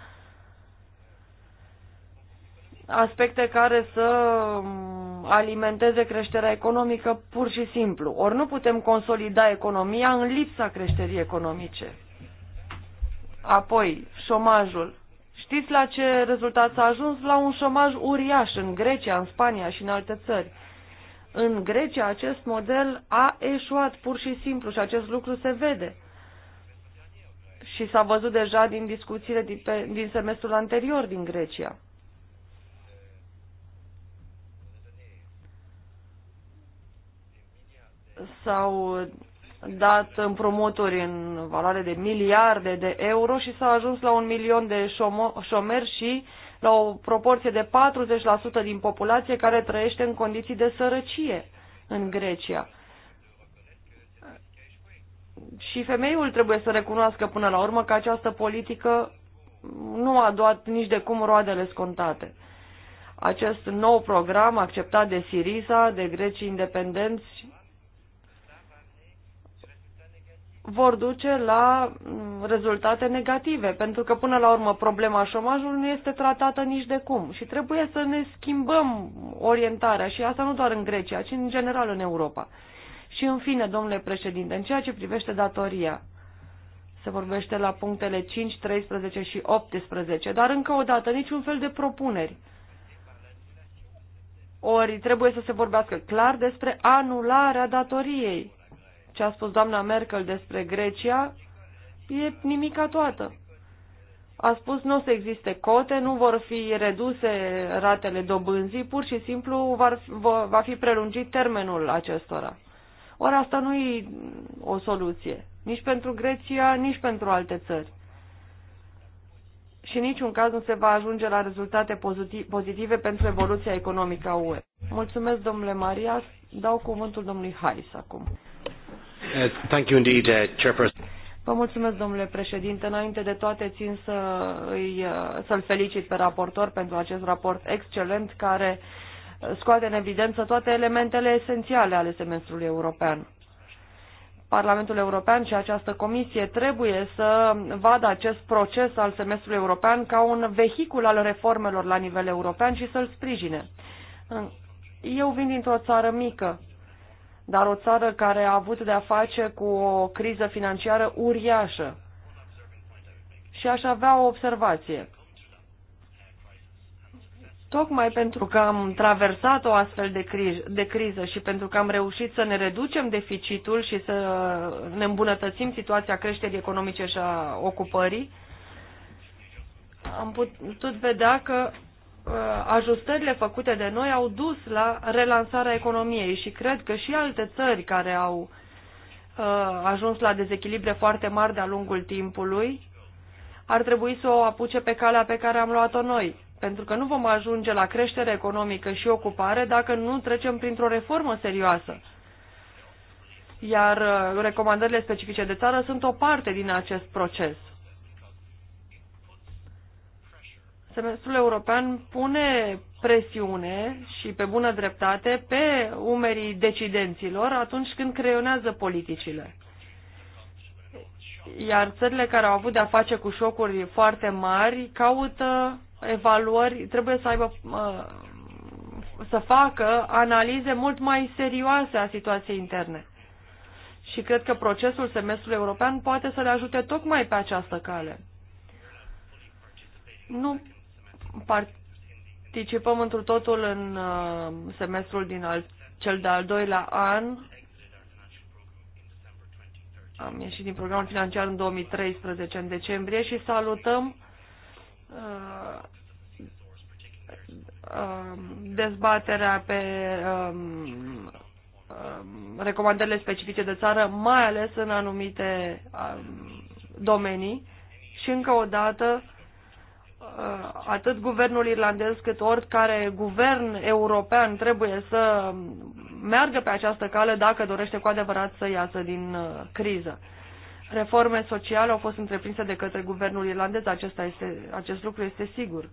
aspecte care să mm, alimenteze creșterea economică pur și simplu. Ori nu putem consolida economia în lipsa creșterii economice. Apoi, șomajul. Știți la ce rezultat s-a ajuns? La un șomaj uriaș în Grecia, în Spania și în alte țări. În Grecia acest model a eșuat pur și simplu și acest lucru se vede. Și s-a văzut deja din discuțiile din, pe, din semestrul anterior din Grecia. s-au dat împrumuturi în valoare de miliarde de euro și s-a ajuns la un milion de șomeri și la o proporție de 40% din populație care trăiește în condiții de sărăcie în Grecia. Și femeiul trebuie să recunoască până la urmă că această politică nu a dat nici de cum roadele scontate. Acest nou program acceptat de Sirisa, de grecii independenți, vor duce la mm, rezultate negative, pentru că până la urmă problema șomajului nu este tratată nici de cum și trebuie să ne schimbăm orientarea și asta nu doar în Grecia, ci în general în Europa. Și în fine, domnule președinte, în ceea ce privește datoria, se vorbește la punctele 5, 13 și 18, dar încă o dată niciun fel de propuneri. Ori trebuie să se vorbească clar despre anularea datoriei ce a spus doamna Merkel despre Grecia e nimica toată. A spus nu o să existe cote, nu vor fi reduse ratele dobânzii, pur și simplu va fi prelungit termenul acestora. Ori asta nu e o soluție, nici pentru Grecia, nici pentru alte țări. Și niciun caz nu se va ajunge la rezultate pozitive pentru evoluția economică a UE. Mulțumesc, domnule Marias. Dau cuvântul domnului Hais acum. Uh, thank you indeed, uh, Chairperson. Vă mulțumesc, domnule președinte. Înainte de toate, țin să îi, uh, să-l felicit pe raportor pentru acest raport excelent care scoate în evidență toate elementele esențiale ale semestrului european. Parlamentul European și această comisie trebuie să vadă acest proces al semestrului european ca un vehicul al reformelor la nivel european și să-l sprijine. Eu vin dintr-o țară mică, dar o țară care a avut de-a face cu o criză financiară uriașă. Și aș avea o observație. Tocmai pentru că am traversat o astfel de, cri- de criză și pentru că am reușit să ne reducem deficitul și să ne îmbunătățim situația creșterii economice și a ocupării, am putut vedea că Uh, ajustările făcute de noi au dus la relansarea economiei și cred că și alte țări care au uh, ajuns la dezechilibre foarte mari de-a lungul timpului ar trebui să o apuce pe calea pe care am luat-o noi pentru că nu vom ajunge la creștere economică și ocupare dacă nu trecem printr-o reformă serioasă. Iar uh, recomandările specifice de țară sunt o parte din acest proces. semestrul european pune presiune și pe bună dreptate pe umerii decidenților atunci când creionează politicile. Iar țările care au avut de-a face cu șocuri foarte mari caută evaluări, trebuie să aibă să facă analize mult mai serioase a situației interne. Și cred că procesul semestrului european poate să le ajute tocmai pe această cale. Nu participăm într totul în uh, semestrul din al, cel de-al doilea an. Am ieșit din programul financiar în 2013, în decembrie, și salutăm uh, uh, dezbaterea pe um, um, recomandările specifice de țară, mai ales în anumite um, domenii. Și încă o dată, Uh, atât guvernul irlandez cât oricare guvern european trebuie să meargă pe această cale dacă dorește cu adevărat să iasă din uh, criză. Reforme sociale au fost întreprinse de către guvernul irlandez, Acesta este, acest lucru este sigur.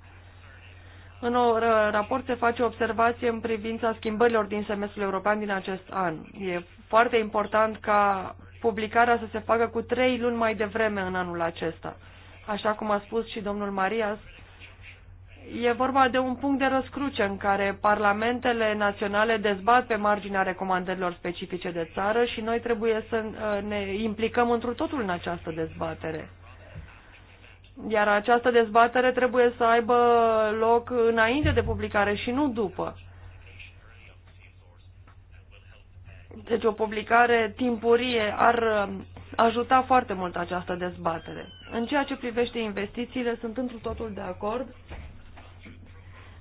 În o uh, raport se face observație în privința schimbărilor din semestrul european din acest an. E foarte important ca publicarea să se facă cu trei luni mai devreme în anul acesta așa cum a spus și domnul Marias, e vorba de un punct de răscruce în care parlamentele naționale dezbat pe marginea recomandărilor specifice de țară și noi trebuie să uh, ne implicăm într totul în această dezbatere. Iar această dezbatere trebuie să aibă loc înainte de publicare și nu după. Deci o publicare timpurie ar uh, ajuta foarte mult această dezbatere. În ceea ce privește investițiile, sunt întru totul de acord.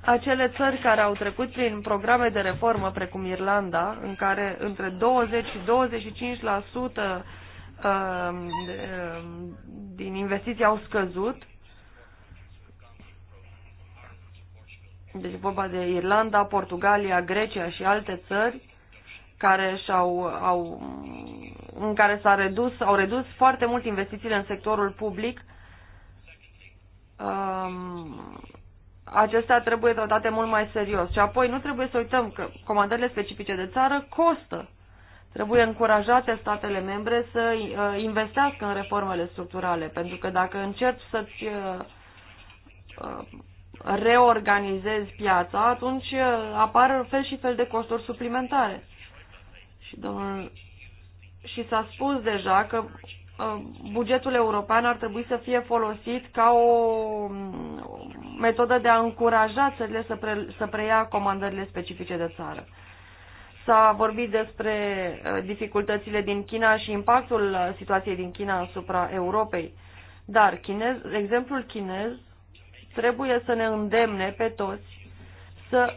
Acele țări care au trecut prin programe de reformă, precum Irlanda, în care între 20 și 25% um, um, din investiții au scăzut, deci vorba de Irlanda, Portugalia, Grecia și alte țări, care și-au, au, în care s au redus, au redus foarte mult investițiile în sectorul public. Um, acestea trebuie tratate mult mai serios. Și apoi nu trebuie să uităm că comandările specifice de țară costă. Trebuie încurajate statele membre să uh, investească în reformele structurale, pentru că dacă încerci să-ți uh, uh, reorganizezi piața, atunci apar fel și fel de costuri suplimentare. Și, domnul, și s-a spus deja că uh, bugetul european ar trebui să fie folosit ca o um, metodă de a încuraja țările să, pre, să preia comandările specifice de țară. S-a vorbit despre uh, dificultățile din China și impactul uh, situației din China asupra Europei. Dar chinez, exemplul chinez trebuie să ne îndemne pe toți să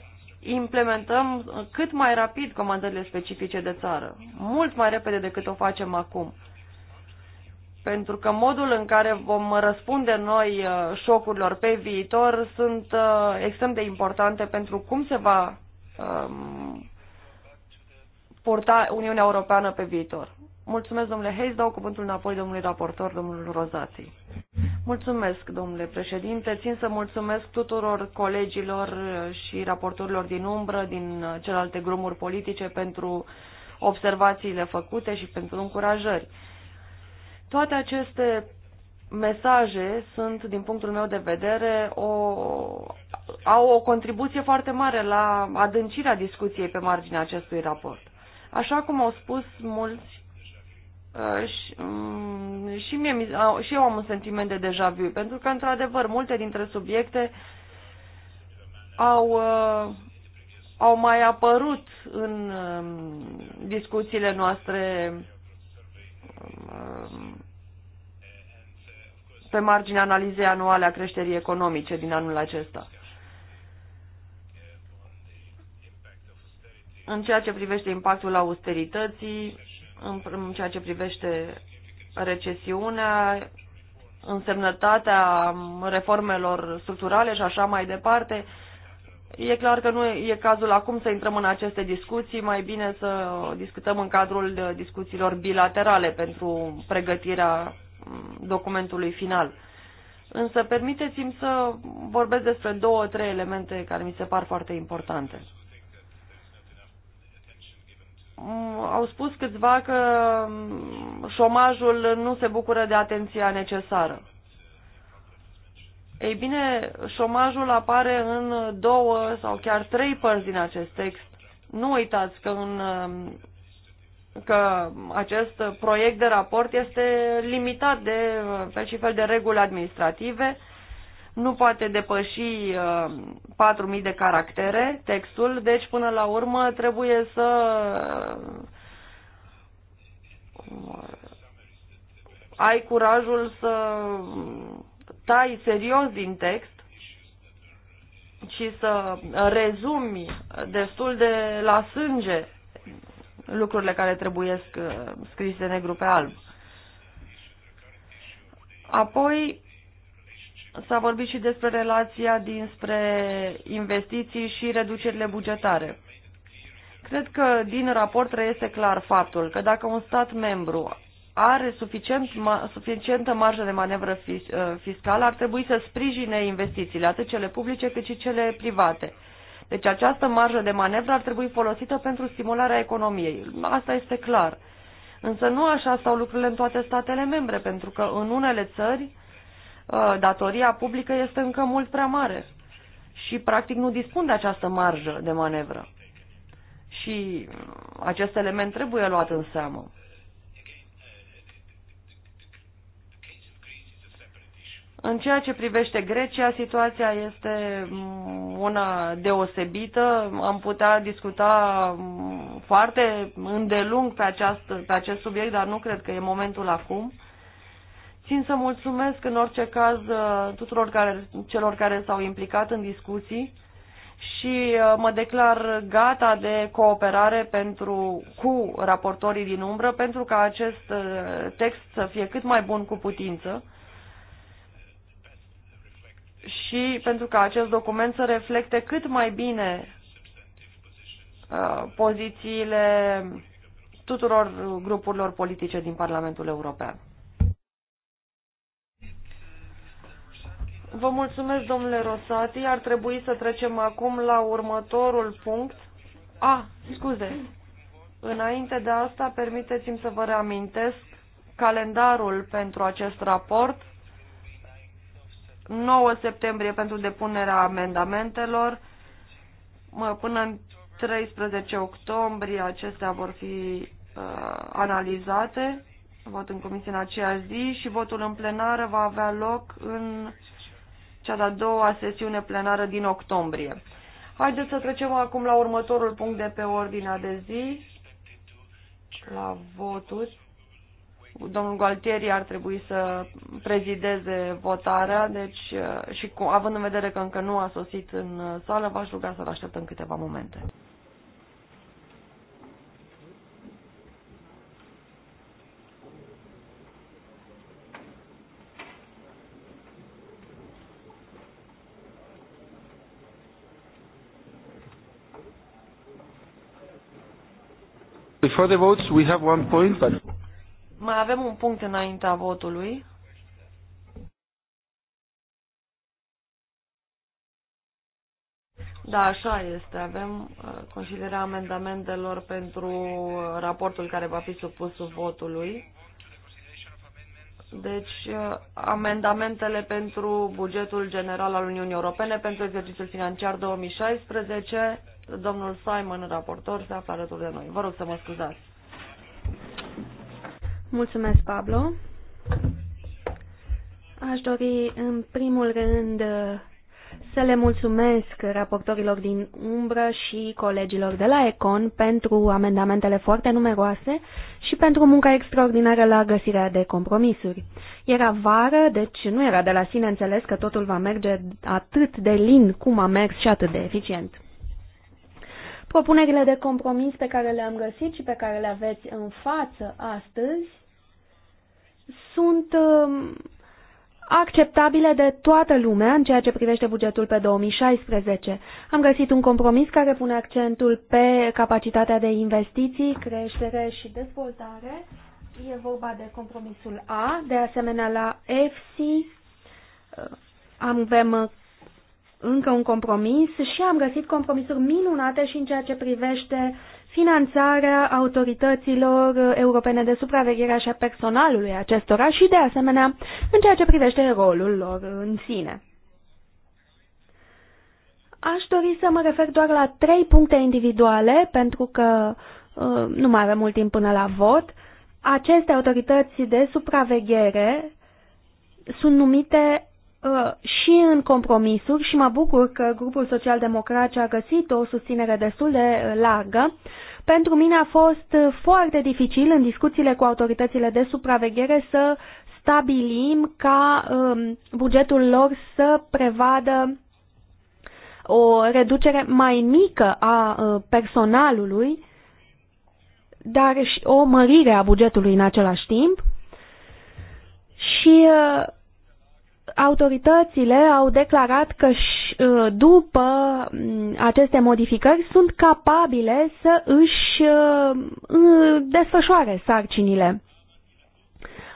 implementăm cât mai rapid comandările specifice de țară, mult mai repede decât o facem acum. Pentru că modul în care vom răspunde noi uh, șocurilor pe viitor sunt uh, extrem de importante pentru cum se va um, purta Uniunea Europeană pe viitor. Mulțumesc, domnule Hayes. Dau cuvântul înapoi domnului raportor, domnul Rozații. Mulțumesc, domnule președinte. Țin să mulțumesc tuturor colegilor și raportorilor din umbră, din celelalte grumuri politice, pentru observațiile făcute și pentru încurajări. Toate aceste mesaje sunt, din punctul meu de vedere, o, au o contribuție foarte mare la adâncirea discuției pe marginea acestui raport. Așa cum au spus mulți Uh, um, și, mie, și eu am un sentiment de deja vu, pentru că, într-adevăr, multe dintre subiecte au, uh, au mai apărut în um, discuțiile noastre um, pe marginea analizei anuale a creșterii economice din anul acesta. În ceea ce privește impactul austerității, în ceea ce privește recesiunea, însemnătatea reformelor structurale și așa mai departe. E clar că nu e cazul acum să intrăm în aceste discuții, mai bine să discutăm în cadrul discuțiilor bilaterale pentru pregătirea mm, documentului final. Însă permiteți-mi să vorbesc despre două, trei elemente care mi se par foarte importante. Mm, au spus câțiva că mm, șomajul nu se bucură de atenția necesară. Ei bine, șomajul apare în două sau chiar trei părți din acest text. Nu uitați că, în, mm, că acest proiect de raport este limitat de fel și fel de reguli administrative nu poate depăși uh, 4.000 de caractere textul, deci până la urmă trebuie să uh, ai curajul să tai serios din text și să rezumi destul de la sânge lucrurile care trebuie uh, scrise negru pe alb. Apoi, S-a vorbit și despre relația dinspre investiții și reducerile bugetare. Cred că din raport reiese clar faptul că dacă un stat membru are suficient, ma, suficientă marjă de manevră fis, uh, fiscală, ar trebui să sprijine investițiile, atât cele publice cât și cele private. Deci această marjă de manevră ar trebui folosită pentru stimularea economiei. Asta este clar. Însă nu așa stau lucrurile în toate statele membre, pentru că în unele țări Uh, datoria publică este încă mult prea mare și practic nu dispun de această marjă de manevră. Și uh, acest element trebuie luat în seamă. În ceea ce privește Grecia, situația este mm, una deosebită. Am putea discuta mm, foarte îndelung pe, această, pe acest subiect, dar nu cred că e momentul acum. Țin să mulțumesc în orice caz uh, tuturor care, celor care s-au implicat în discuții și uh, mă declar gata de cooperare pentru, cu raportorii din umbră pentru ca acest uh, text să fie cât mai bun cu putință și pentru ca acest document să reflecte cât mai bine pozițiile tuturor grupurilor politice din Parlamentul European. Vă mulțumesc, domnule Rosati. Ar trebui să trecem acum la următorul punct. A, ah, scuze. Înainte de asta, permiteți-mi să vă reamintesc calendarul pentru acest raport. 9 septembrie pentru depunerea amendamentelor. Până în 13 octombrie acestea vor fi uh, analizate. Vot în comisie în aceeași zi și votul în plenară va avea loc în cea de-a doua sesiune plenară din octombrie. Haideți să trecem acum la următorul punct de pe ordinea de zi, la voturi. Domnul Gualtieri ar trebui să prezideze votarea, deci și cu, având în vedere că încă nu a sosit în sală, v-aș ruga să-l așteptăm câteva momente. before the votes we have one point, but... Mai avem un punct înaintea votului. Da, așa este. Avem uh, considerarea amendamentelor pentru uh, raportul care va fi supus votului. Deci, uh, amendamentele pentru bugetul general al Uniunii Europene pentru exercițiul financiar 2016, domnul Simon, raportor, se află alături de noi. Vă rog să mă scuzați. Mulțumesc, Pablo. Aș dori, în primul rând, să le mulțumesc raportorilor din umbră și colegilor de la Econ pentru amendamentele foarte numeroase și pentru munca extraordinară la găsirea de compromisuri. Era vară, deci nu era de la sine înțeles că totul va merge atât de lin cum a mers și atât de eficient. Propunerile de compromis pe care le-am găsit și pe care le aveți în față astăzi sunt um, acceptabile de toată lumea în ceea ce privește bugetul pe 2016. Am găsit un compromis care pune accentul pe capacitatea de investiții, creștere și dezvoltare. E vorba de compromisul A, de asemenea la FC avem încă un compromis și am găsit compromisuri minunate și în ceea ce privește finanțarea autorităților europene de supraveghere și a personalului acestora și, de asemenea, în ceea ce privește rolul lor în sine. Aș dori să mă refer doar la trei puncte individuale, pentru că uh, nu mai avem mult timp până la vot. Aceste autorități de supraveghere sunt numite Uh, și în compromisuri și mă bucur că grupul social-democrat a găsit o susținere destul de uh, largă. Pentru mine a fost uh, foarte dificil în discuțiile cu autoritățile de supraveghere să stabilim ca um, bugetul lor să prevadă o reducere mai mică a personalului, dar și o mărire a bugetului în același timp. Și autoritățile au declarat că uh, după mm, aceste modificări sunt capabile să își uh, desfășoare sarcinile.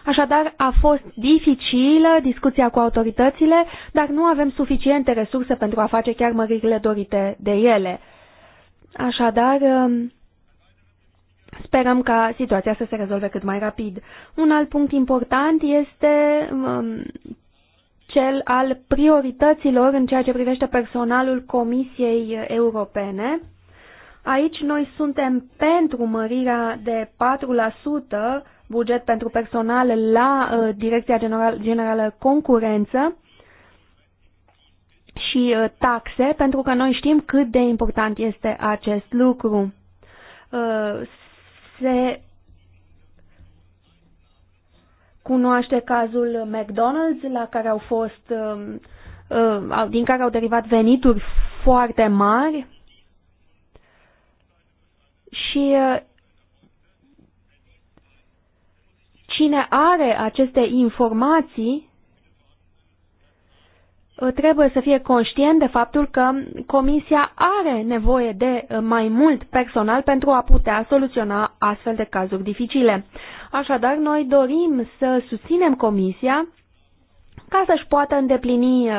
Așadar, a fost dificilă discuția cu autoritățile, dar nu avem suficiente resurse pentru a face chiar măririle dorite de ele. Așadar, um, sperăm ca situația să se rezolve cât mai rapid. Un alt punct important este um, cel al priorităților în ceea ce privește personalul Comisiei Europene. Aici noi suntem pentru mărirea de 4% buget pentru personal la uh, Direcția General, Generală Concurență și uh, taxe, pentru că noi știm cât de important este acest lucru. Uh, se cunoaște cazul McDonald's, la care au fost, um, uh, din care au derivat venituri foarte mari și uh, cine are aceste informații trebuie să fie conștient de faptul că Comisia are nevoie de uh, mai mult personal pentru a putea soluționa astfel de cazuri dificile. Așadar, noi dorim să susținem Comisia ca să-și poată îndeplini uh,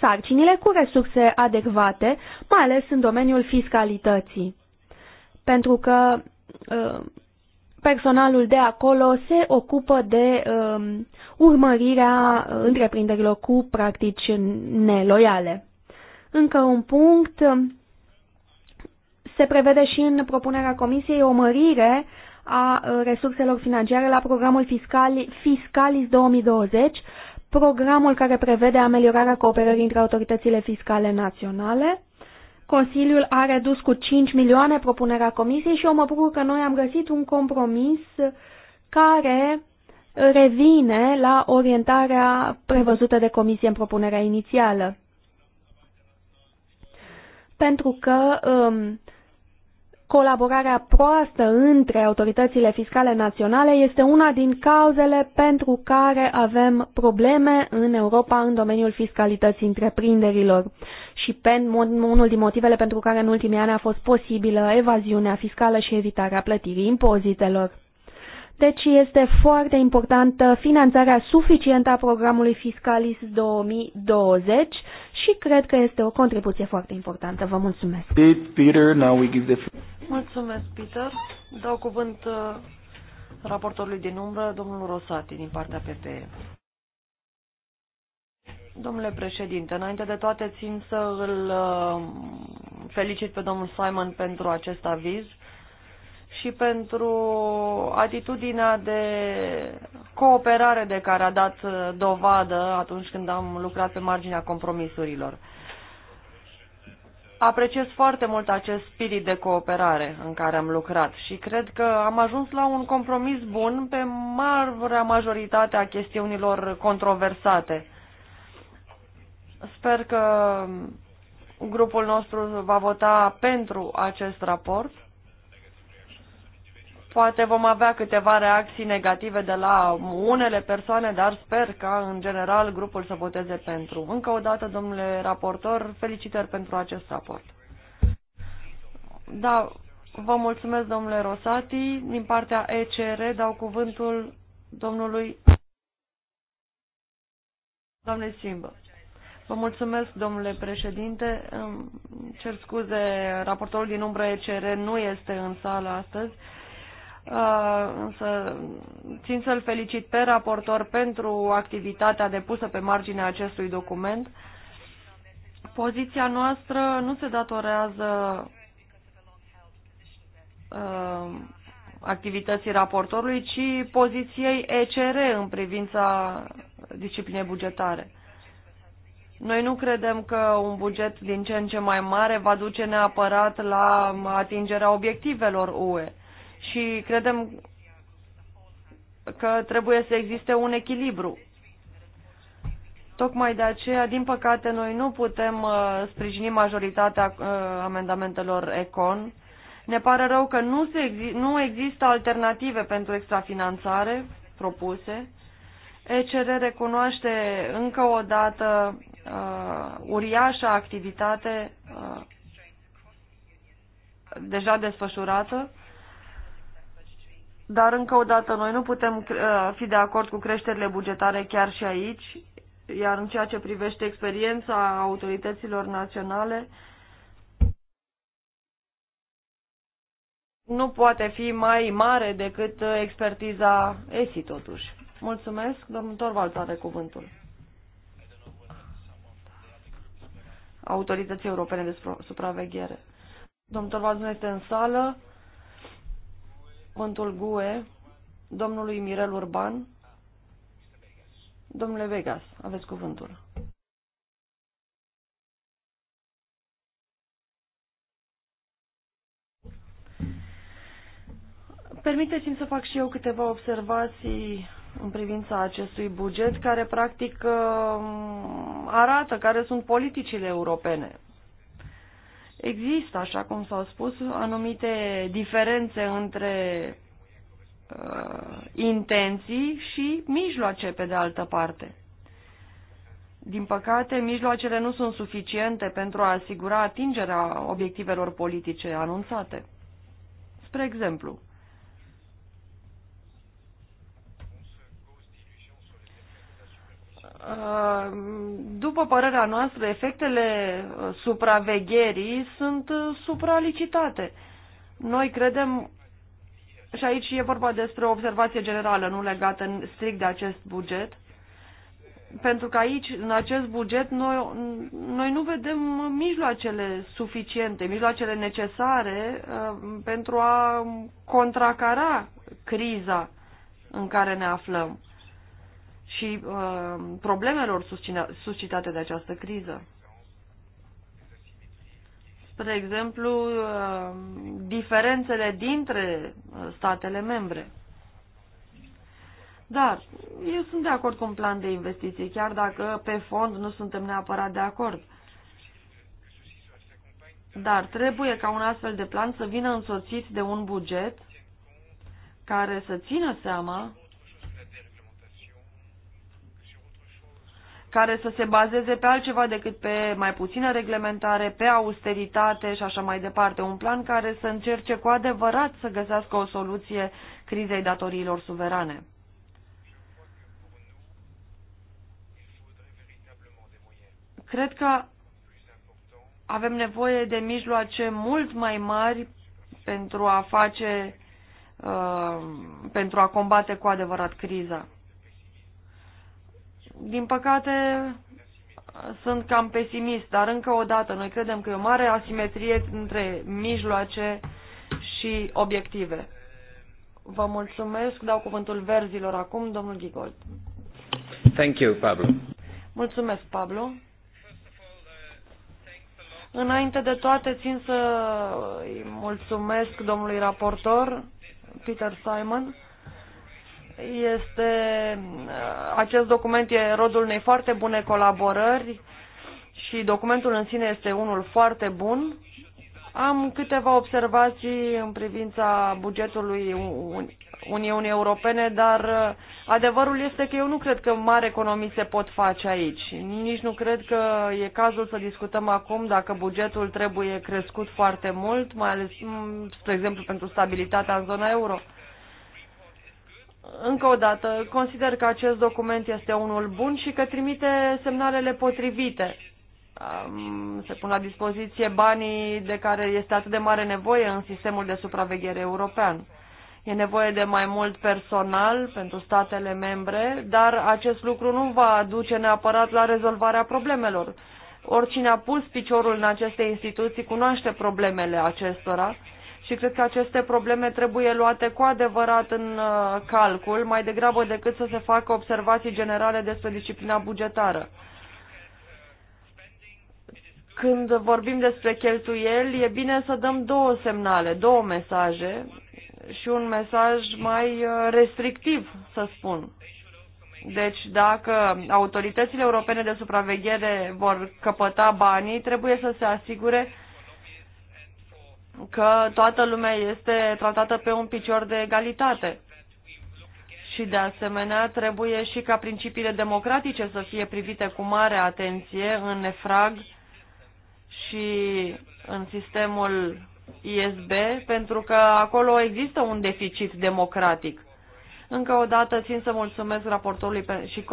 sarcinile cu resurse adecvate, mai ales în domeniul fiscalității. Pentru că uh, personalul de acolo se ocupă de um, urmărirea întreprinderilor cu practici neloiale. Încă un punct, um, se prevede și în propunerea Comisiei o mărire a uh, resurselor financiare la programul Fiscali, Fiscalis 2020, programul care prevede ameliorarea cooperării între autoritățile fiscale naționale Consiliul a redus cu 5 milioane propunerea comisiei și eu mă bucur că noi am găsit un compromis care revine la orientarea prevăzută de comisie în propunerea inițială. Pentru că um, Colaborarea proastă între autoritățile fiscale naționale este una din cauzele pentru care avem probleme în Europa în domeniul fiscalității întreprinderilor și pen, unul din motivele pentru care în ultimii ani a fost posibilă evaziunea fiscală și evitarea plătirii impozitelor. Deci este foarte importantă finanțarea suficientă a programului Fiscalis 2020 și cred că este o contribuție foarte importantă. Vă mulțumesc. Peter, now we give the... Mulțumesc, Peter. Dau cuvânt uh, raportorului din umbră, domnul Rosati, din partea PPE. Domnule președinte, înainte de toate țin să îl uh, felicit pe domnul Simon pentru acest aviz și pentru atitudinea de cooperare de care a dat uh, dovadă atunci când am lucrat pe marginea compromisurilor. Apreciez foarte mult acest spirit de cooperare în care am lucrat și cred că am ajuns la un compromis bun pe majoritate majoritatea chestiunilor controversate. Sper că grupul nostru va vota pentru acest raport Poate vom avea câteva reacții negative de la unele persoane, dar sper ca, în general, grupul să voteze pentru. Încă o dată, domnule raportor, felicitări pentru acest raport. Da, vă mulțumesc, domnule Rosati. Din partea ECR dau cuvântul domnului doamnei Simbă. Vă mulțumesc, domnule președinte. Îmi cer scuze, raportorul din umbră ECR nu este în sală astăzi. Uh, însă țin să-l felicit pe raportor pentru activitatea depusă pe marginea acestui document. Poziția noastră nu se datorează uh, activității raportorului, ci poziției ECR în privința disciplinei bugetare. Noi nu credem că un buget din ce în ce mai mare va duce neapărat la atingerea obiectivelor UE și credem că trebuie să existe un echilibru. Tocmai de aceea, din păcate, noi nu putem uh, sprijini majoritatea uh, amendamentelor ECON. Ne pare rău că nu, se exi nu există alternative pentru extrafinanțare propuse. ECR recunoaște încă o dată uh, uriașa activitate uh, deja desfășurată dar încă o dată, noi nu putem uh, fi de acord cu creșterile bugetare chiar și aici, iar în ceea ce privește experiența autorităților naționale, nu poate fi mai mare decât uh, expertiza ESI, totuși. Mulțumesc. Domnul Torvald are cuvântul. Autorității Europene de Supraveghere. Domnul Torvald nu este în sală cuvântul GUE domnului Mirel Urban. Domnule Vegas, aveți cuvântul. Permiteți-mi să fac și eu câteva observații în privința acestui buget care practic um, arată care sunt politicile europene. Există, așa cum s-au spus, anumite diferențe între uh, intenții și mijloace, pe de altă parte. Din păcate, mijloacele nu sunt suficiente pentru a asigura atingerea obiectivelor politice anunțate. Spre exemplu, Uh, după părerea noastră, efectele uh, supravegherii sunt uh, supralicitate. Noi credem, și aici e vorba despre o observație generală, nu legată strict de acest buget, pentru că aici, în acest buget, noi, noi nu vedem mijloacele suficiente, mijloacele necesare uh, pentru a contracara criza în care ne aflăm. Uh, și uh, problemelor suscitate de această criză. Spre exemplu, uh, diferențele dintre uh, statele membre. Dar eu sunt de acord cu un plan de investiții, chiar dacă pe fond nu suntem neapărat de acord. Dar trebuie ca un astfel de plan să vină însoțit de un buget care să țină seama care să se bazeze pe altceva decât pe mai puțină reglementare, pe austeritate și așa mai departe. Un plan care să încerce cu adevărat să găsească o soluție crizei datoriilor suverane. Cred că avem nevoie de mijloace mult mai mari pentru a face, uh, pentru a combate cu adevărat criza. Din păcate, sunt cam pesimist, dar încă o dată, noi credem că e o mare asimetrie între mijloace și obiective. Vă mulțumesc, dau cuvântul verzilor acum, domnul Gigold. Thank you, Pablo. Mulțumesc, Pablo. Înainte de toate, țin să îi mulțumesc domnului raportor, Peter Simon, este, acest document e rodul unei foarte bune colaborări și documentul în sine este unul foarte bun. Am câteva observații în privința bugetului Uniunii Europene, dar uh, adevărul este că eu nu cred că mari economii se pot face aici. Nici nu cred că e cazul să discutăm acum dacă bugetul trebuie crescut foarte mult, mai ales, spre exemplu, pentru stabilitatea în zona euro. Încă o dată, consider că acest document este unul bun și că trimite semnalele potrivite. Se pun la dispoziție banii de care este atât de mare nevoie în sistemul de supraveghere european. E nevoie de mai mult personal pentru statele membre, dar acest lucru nu va aduce neapărat la rezolvarea problemelor. Oricine a pus piciorul în aceste instituții cunoaște problemele acestora și cred că aceste probleme trebuie luate cu adevărat în uh, calcul, mai degrabă decât să se facă observații generale despre disciplina bugetară. Când vorbim despre cheltuieli, e bine să dăm două semnale, două mesaje și un mesaj mai uh, restrictiv, să spun. Deci dacă autoritățile europene de supraveghere vor căpăta banii, trebuie să se asigure că toată lumea este tratată pe un picior de egalitate. Și de asemenea trebuie și ca principiile democratice să fie privite cu mare atenție în EFRAG și în sistemul ISB, pentru că acolo există un deficit democratic. Încă o dată țin să mulțumesc raportorului și,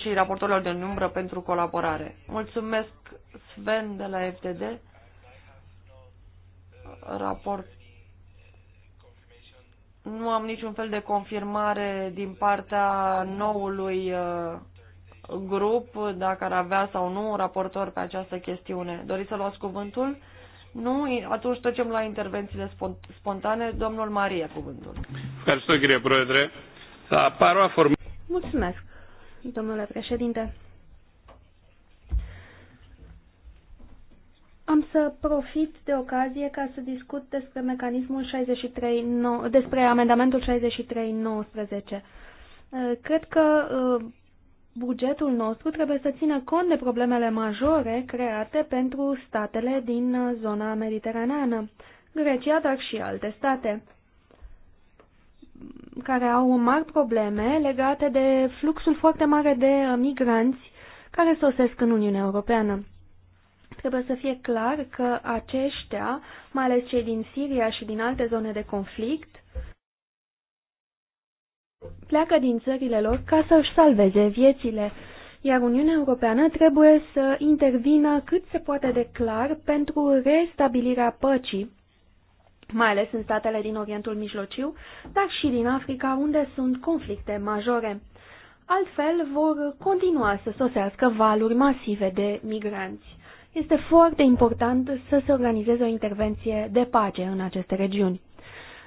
și raportorilor de umbră pentru colaborare. Mulțumesc Sven de la FTD raport nu am niciun fel de confirmare din partea noului uh, grup dacă ar avea sau nu un raportor pe această chestiune. Doriți să luați cuvântul? Nu? Atunci trecem la intervențiile spontane. Domnul Marie, cuvântul. Mulțumesc, domnule președinte. Am să profit de ocazie ca să discut despre mecanismul 63, no, despre amendamentul 6319. Uh, cred că uh, bugetul nostru trebuie să țină cont de problemele majore create pentru statele din uh, zona mediteraneană, Grecia, dar și alte state mm, care au mari probleme legate de fluxul foarte mare de migranți care sosesc în Uniunea Europeană. Trebuie să fie clar că aceștia, mai ales cei din Siria și din alte zone de conflict, pleacă din țările lor ca să își salveze viețile, iar Uniunea Europeană trebuie să intervină cât se poate de clar pentru restabilirea păcii, mai ales în statele din Orientul Mijlociu, dar și din Africa, unde sunt conflicte majore. Altfel vor continua să sosească valuri masive de migranți este foarte important să se organizeze o intervenție de pace în aceste regiuni.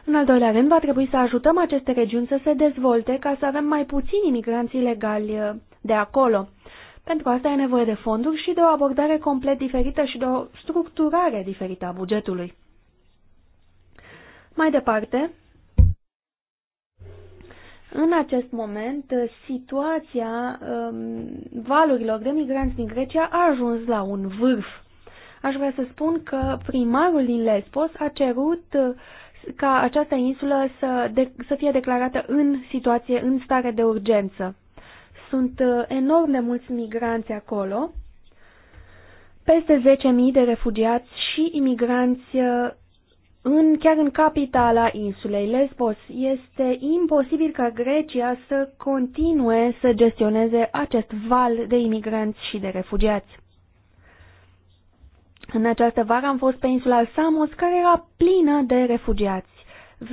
În al doilea rând, va trebui să ajutăm aceste regiuni să se dezvolte ca să avem mai puțini imigranți ilegali uh, de acolo. Pentru asta e nevoie de fonduri și de o abordare complet diferită și de o structurare diferită a bugetului. Mai departe, în acest moment, uh, situația um, valurilor de migranți din Grecia a ajuns la un vârf. Aș vrea să spun că primarul din Lesbos a cerut uh, ca această insulă să, de, să fie declarată în situație, în stare de urgență. Sunt uh, enorm de mulți migranți acolo, peste 10.000 de refugiați și imigranți în, chiar în capitala insulei Lesbos. Este imposibil ca Grecia să continue să gestioneze acest val de imigranți și de refugiați. În această vară am fost pe insula Samos, care era plină de refugiați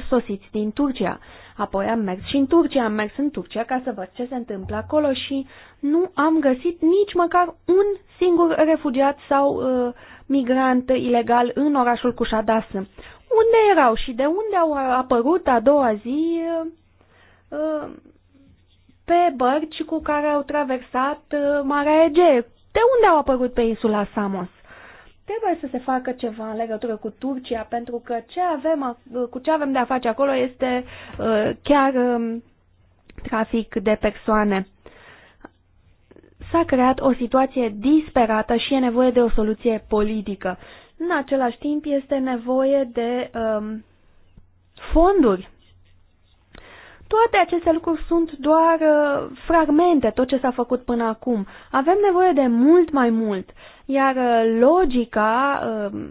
sosiți din Turcia. Apoi am mers și în Turcia, am mers în Turcia ca să văd ce se întâmplă acolo și nu am găsit nici măcar un singur refugiat sau uh, migrant ilegal în orașul Cușadas unde erau și de unde au apărut a doua zi ă, pe bărci cu care au traversat ă, Marea Egee. De unde au apărut pe insula Samos? Trebuie să se facă ceva în legătură cu Turcia, pentru că ce avem, cu ce avem de a face acolo este ă, chiar trafic de persoane. S-a creat o situație disperată și e nevoie de o soluție politică. În același timp este nevoie de um, fonduri. Toate aceste lucruri sunt doar uh, fragmente, tot ce s-a făcut până acum. Avem nevoie de mult mai mult, iar uh, logica uh,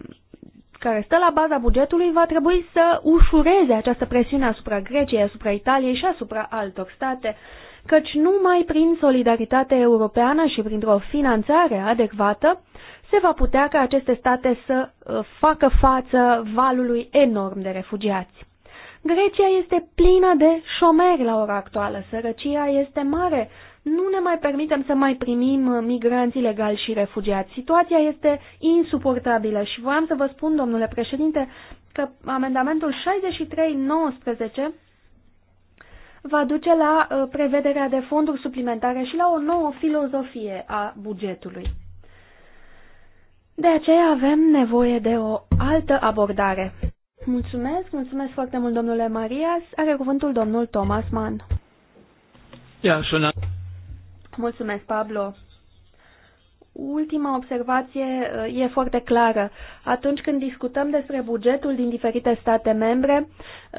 care stă la baza bugetului va trebui să ușureze această presiune asupra Greciei, asupra Italiei și asupra altor state, căci numai prin solidaritate europeană și printr-o finanțare adecvată se va putea ca aceste state să uh, facă față valului enorm de refugiați. Grecia este plină de șomeri la ora actuală, sărăcia este mare, nu ne mai permitem să mai primim uh, migranți ilegali și refugiați. Situația este insuportabilă și voiam să vă spun, domnule președinte, că amendamentul 6319 va duce la uh, prevederea de fonduri suplimentare și la o nouă filozofie a bugetului. De aceea avem nevoie de o altă abordare. Mulțumesc, mulțumesc foarte mult, domnule Marias. Are cuvântul domnul Thomas Mann. Ia, sună. Mulțumesc, Pablo ultima observație uh, e foarte clară. Atunci când discutăm despre bugetul din diferite state membre,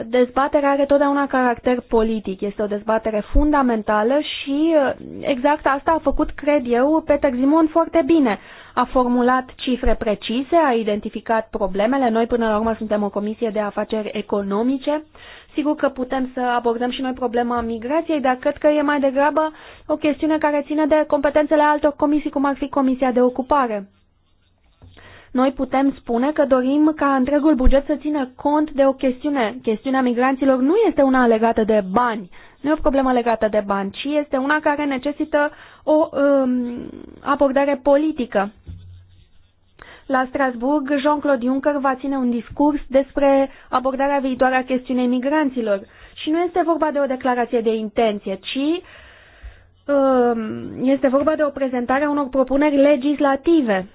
dezbaterea are totdeauna caracter politic. Este o dezbatere fundamentală și uh, exact asta a făcut, cred eu, Peter Zimon foarte bine. A formulat cifre precise, a identificat problemele. Noi, până la urmă, suntem o comisie de afaceri economice Sigur că putem să abordăm și noi problema migrației, dar cred că e mai degrabă o chestiune care ține de competențele altor comisii, cum ar fi Comisia de Ocupare. Noi putem spune că dorim ca întregul buget să țină cont de o chestiune. Chestiunea migranților nu este una legată de bani, nu e o problemă legată de bani, ci este una care necesită o um, abordare politică. La Strasburg, Jean-Claude Juncker va ține un discurs despre abordarea viitoare a chestiunii migranților. Și nu este vorba de o declarație de intenție, ci um, este vorba de o prezentare a unor propuneri legislative.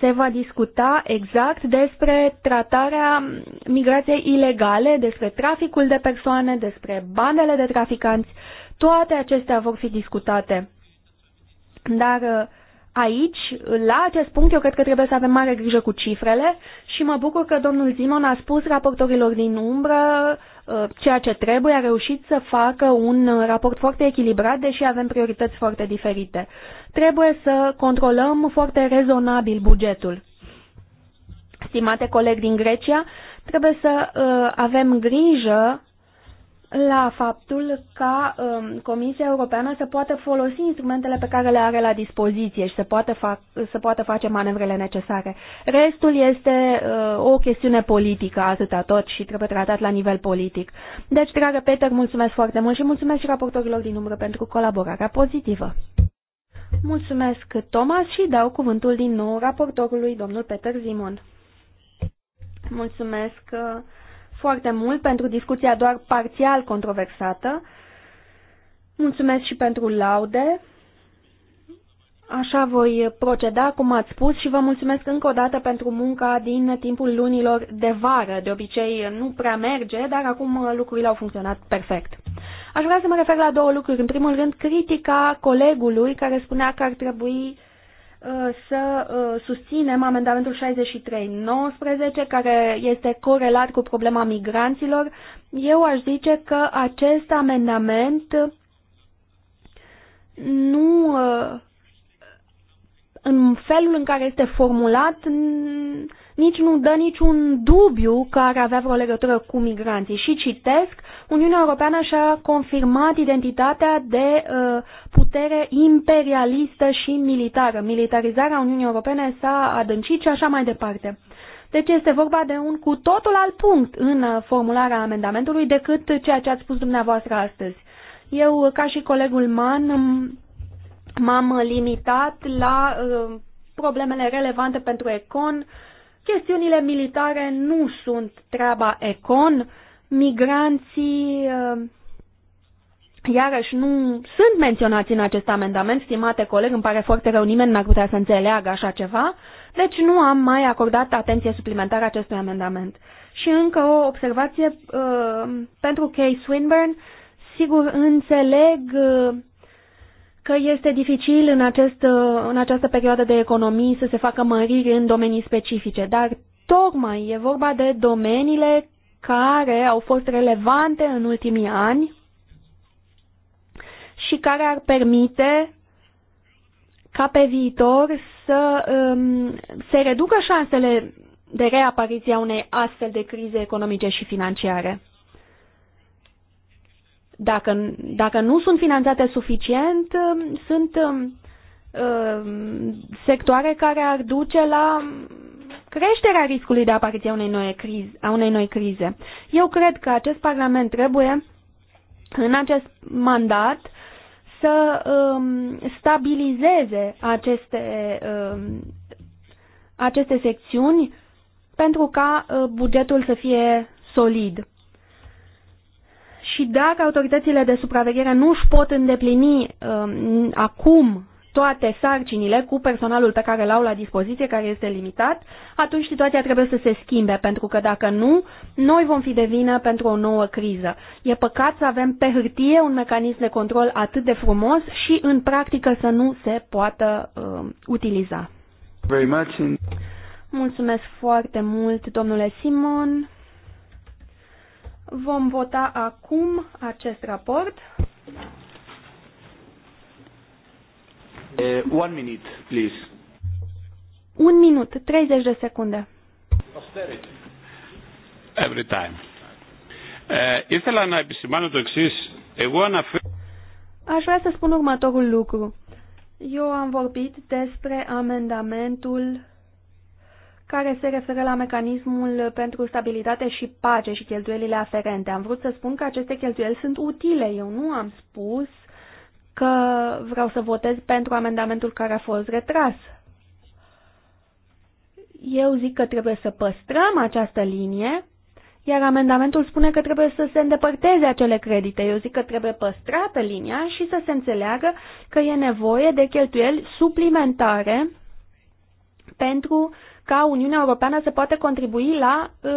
Se va discuta exact despre tratarea migrației ilegale, despre traficul de persoane, despre bandele de traficanți. Toate acestea vor fi discutate. Dar uh, aici, la acest punct, eu cred că trebuie să avem mare grijă cu cifrele și mă bucur că domnul Zimon a spus raportorilor din umbră uh, ceea ce trebuie, a reușit să facă un raport foarte echilibrat, deși avem priorități foarte diferite. Trebuie să controlăm foarte rezonabil bugetul. Stimate coleg din Grecia, trebuie să uh, avem grijă la faptul ca um, Comisia Europeană să poată folosi instrumentele pe care le are la dispoziție și să poată, fa să poată face manevrele necesare. Restul este uh, o chestiune politică atâta tot și trebuie tratat la nivel politic. Deci, dragă Peter, mulțumesc foarte mult și mulțumesc și raportorilor din umbră pentru colaborarea pozitivă. Mulțumesc, Thomas, și dau cuvântul din nou raportorului, domnul Peter Zimon. Mulțumesc. Uh, foarte mult pentru discuția doar parțial controversată. Mulțumesc și pentru laude. Așa voi proceda, cum ați spus, și vă mulțumesc încă o dată pentru munca din timpul lunilor de vară. De obicei nu prea merge, dar acum lucrurile au funcționat perfect. Aș vrea să mă refer la două lucruri. În primul rând, critica colegului care spunea că ar trebui Uh, să uh, susținem amendamentul 63-19, care este corelat cu problema migranților. Eu aș zice că acest amendament nu, uh, în felul în care este formulat, nici nu dă niciun dubiu că ar avea vreo legătură cu migranții. Și citesc, Uniunea Europeană și-a confirmat identitatea de uh, putere imperialistă și militară. Militarizarea Uniunii Europene s-a adâncit și așa mai departe. Deci este vorba de un cu totul alt punct în uh, formularea amendamentului decât ceea ce ați spus dumneavoastră astăzi. Eu, uh, ca și colegul Man, m-am limitat la uh, problemele relevante pentru Econ, uh, Chestiunile militare nu sunt treaba econ, migranții uh, iarăși nu sunt menționați în acest amendament, stimate coleg, îmi pare foarte rău, nimeni n-ar putea să înțeleagă așa ceva, deci nu am mai acordat atenție suplimentară acestui amendament. Și încă o observație uh, pentru Kay Swinburne, sigur înțeleg uh, că este dificil în, acest, în această perioadă de economii să se facă măriri în domenii specifice, dar tocmai e vorba de domeniile care au fost relevante în ultimii ani și care ar permite ca pe viitor să um, se reducă șansele de reapariția unei astfel de crize economice și financiare. Dacă, dacă nu sunt finanțate suficient, um, sunt um, um, sectoare care ar duce la creșterea riscului de apariție a unei noi, crize, a unei noi crize. Eu cred că acest Parlament trebuie în acest mandat să um, stabilizeze aceste, um, aceste secțiuni pentru ca uh, bugetul să fie solid. Și dacă autoritățile de supraveghere nu își pot îndeplini uh, acum toate sarcinile cu personalul pe care l-au la dispoziție, care este limitat, atunci situația trebuie să se schimbe, pentru că dacă nu, noi vom fi de vină pentru o nouă criză. E păcat să avem pe hârtie un mecanism de control atât de frumos și în practică să nu se poată uh, utiliza. Very much. Mulțumesc foarte mult, domnule Simon. Vom vota acum acest raport. Uh, one minute, please. Un minut, 30 de secunde. Every time. Uh, ήθελα να επισημάνω το εξή. Εγώ αναφέρω. Aș vrea să spun următorul lucru. Eu am vorbit despre amendamentul care se referă la mecanismul pentru stabilitate și pace și cheltuielile aferente. Am vrut să spun că aceste cheltuieli sunt utile. Eu nu am spus că vreau să votez pentru amendamentul care a fost retras. Eu zic că trebuie să păstrăm această linie, iar amendamentul spune că trebuie să se îndepărteze acele credite. Eu zic că trebuie păstrată linia și să se înțeleagă că e nevoie de cheltuieli suplimentare pentru uh, ca Uniunea Europeană să poată contribui la uh,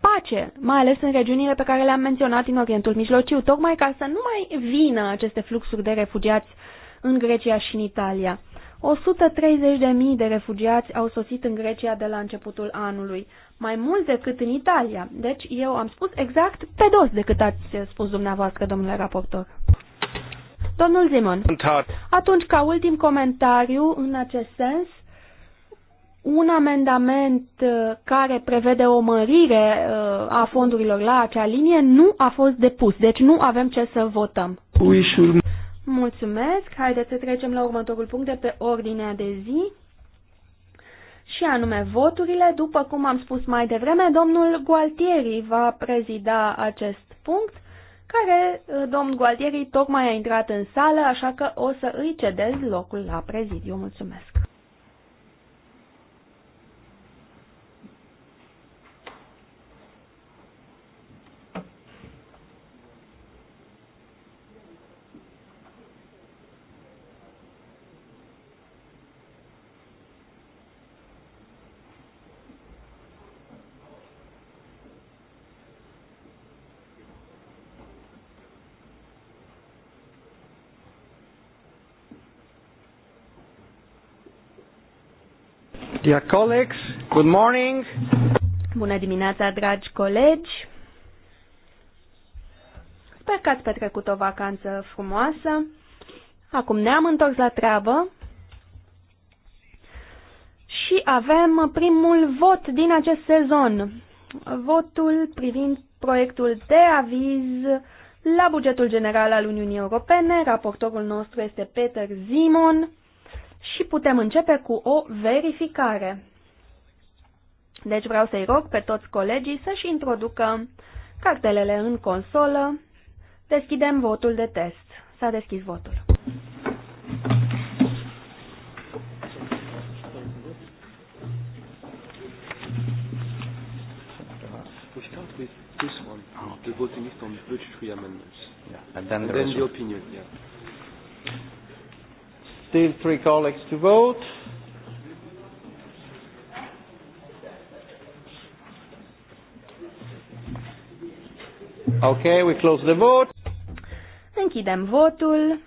pace, mai ales în regiunile pe care le-am menționat în Orientul Mijlociu, tocmai ca să nu mai vină aceste fluxuri de refugiați în Grecia și în Italia. 130.000 de refugiați au sosit în Grecia de la începutul anului, mai mult decât în Italia. Deci eu am spus exact pe dos decât ați spus dumneavoastră, domnule raportor. Domnul Zimon, atunci ca ultim comentariu în acest sens, un amendament uh, care prevede o mărire uh, a fondurilor la acea linie nu a fost depus, deci nu avem ce să votăm. Mulțumesc. Haideți să trecem la următorul punct de pe ordinea de zi și anume voturile. După cum am spus mai devreme, domnul Gualtieri va prezida acest punct, care uh, domnul Gualtieri tocmai a intrat în sală, așa că o să îi cedez locul la prezidiu. Mulțumesc. Dear colleagues, good morning. Bună dimineața, dragi colegi. Sper că ați petrecut o vacanță frumoasă. Acum ne-am întors la treabă și avem primul vot din acest sezon. Votul privind proiectul de aviz la bugetul general al Uniunii Europene. Raportorul nostru este Peter Zimon și putem începe cu o verificare. Deci vreau să-i rog pe toți colegii să-și introducă cartelele în consolă. Deschidem votul de test. S-a deschis votul. Oh. The voting list on Bridge Tree Amendments. Yeah. And then, and the, then the opinion. Yeah. Still three colleagues to vote. Okay, we close the vote. Închidem votul.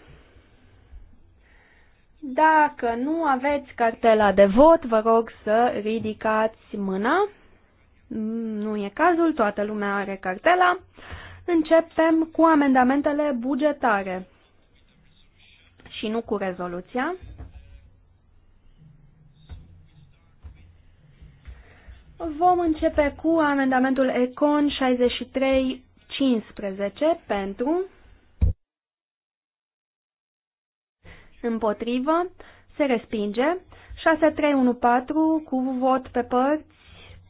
Dacă nu aveți cartela de vot, vă rog să ridicați mâna. Nu e cazul, toată lumea are cartela. Începem cu amendamentele bugetare și nu cu rezoluția. Vom începe cu amendamentul Econ 6315 pentru împotrivă se respinge 6314 cu vot pe părți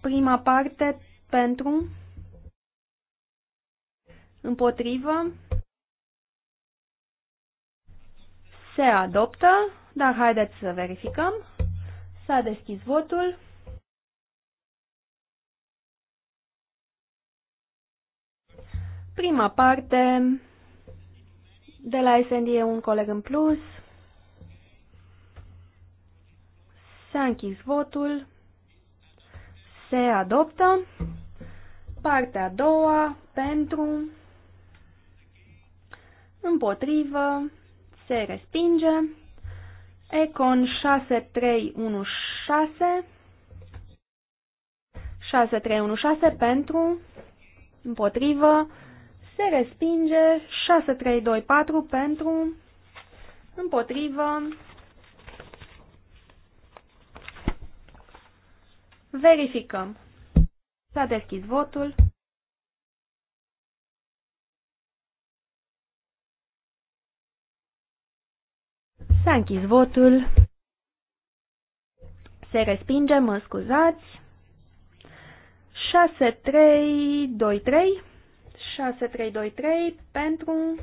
prima parte pentru împotrivă Se adoptă, dar haideți să verificăm. S-a deschis votul. Prima parte, de la SND e un coleg în plus. S-a închis votul. Se adoptă. Partea a doua, pentru, împotrivă, se respinge. Econ 6316 6316 pentru împotrivă se respinge 6324 pentru împotrivă verificăm s-a deschis votul S-a închis votul. Se respinge, mă scuzați. 6323 6323 pentru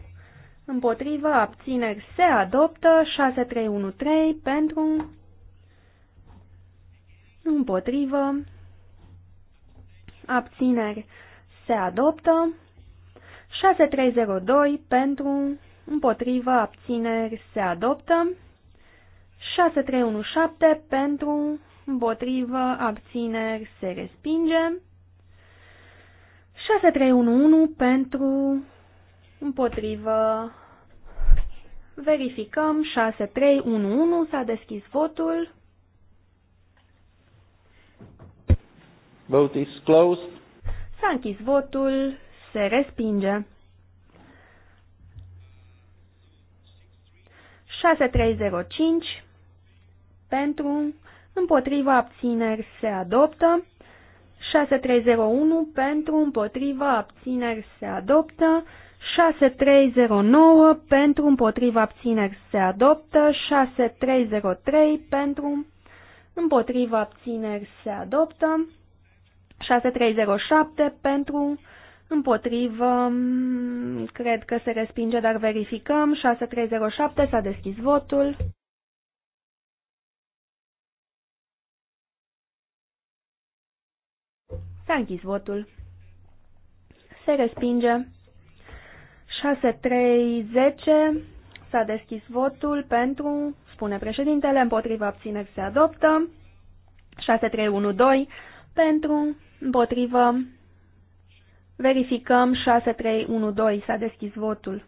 împotrivă abțineri se adoptă 6313 pentru împotrivă abțineri se adoptă 6302 pentru împotrivă, abțineri, se adoptă. 6317 pentru, împotrivă, abțineri, se respinge. 6311 pentru, împotrivă, verificăm, 6311 s-a deschis votul. Vote is closed. S-a închis votul, se respinge. 6305 pentru, împotriva abțineri se adoptă, 6301 pentru, împotriva abțineri se adoptă, 6309 pentru, împotriva abțineri se adoptă, 6303 pentru, împotriva abțineri se adoptă, 6307 pentru, Împotrivă, mm, cred că se respinge, dar verificăm. 6307 s-a deschis votul. S-a închis votul. Se respinge. 6310 s-a deschis votul pentru, spune președintele, împotrivă abțineri se adoptă. 6312 pentru, împotrivă Verificăm 6312. S-a deschis votul.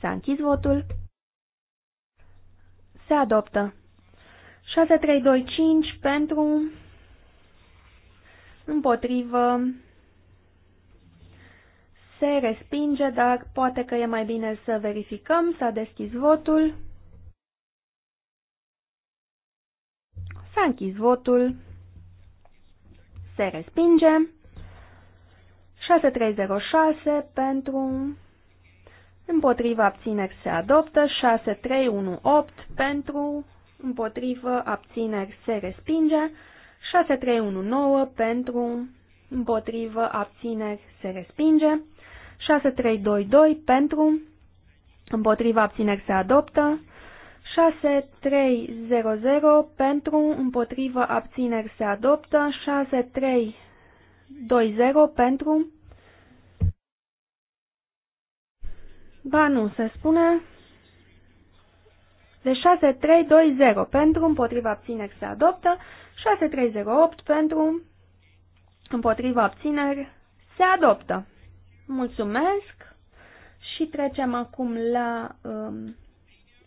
S-a închis votul. Se adoptă. 6325 pentru împotrivă se respinge, dar poate că e mai bine să verificăm. S-a deschis votul. S-a închis votul se respinge. 6306 pentru împotriva abțineri se adoptă. 6318 pentru împotrivă abțineri se respinge. 6319 pentru împotrivă abțineri se respinge. 6322 pentru împotriva abțineri se adoptă. 6300 pentru, împotrivă, abțineri se adoptă, 6320 pentru, ba nu, se spune, de deci 6320 pentru, împotrivă, abțineri se adoptă, 6308 pentru, împotrivă, abțineri se adoptă. Mulțumesc și trecem acum la... Um,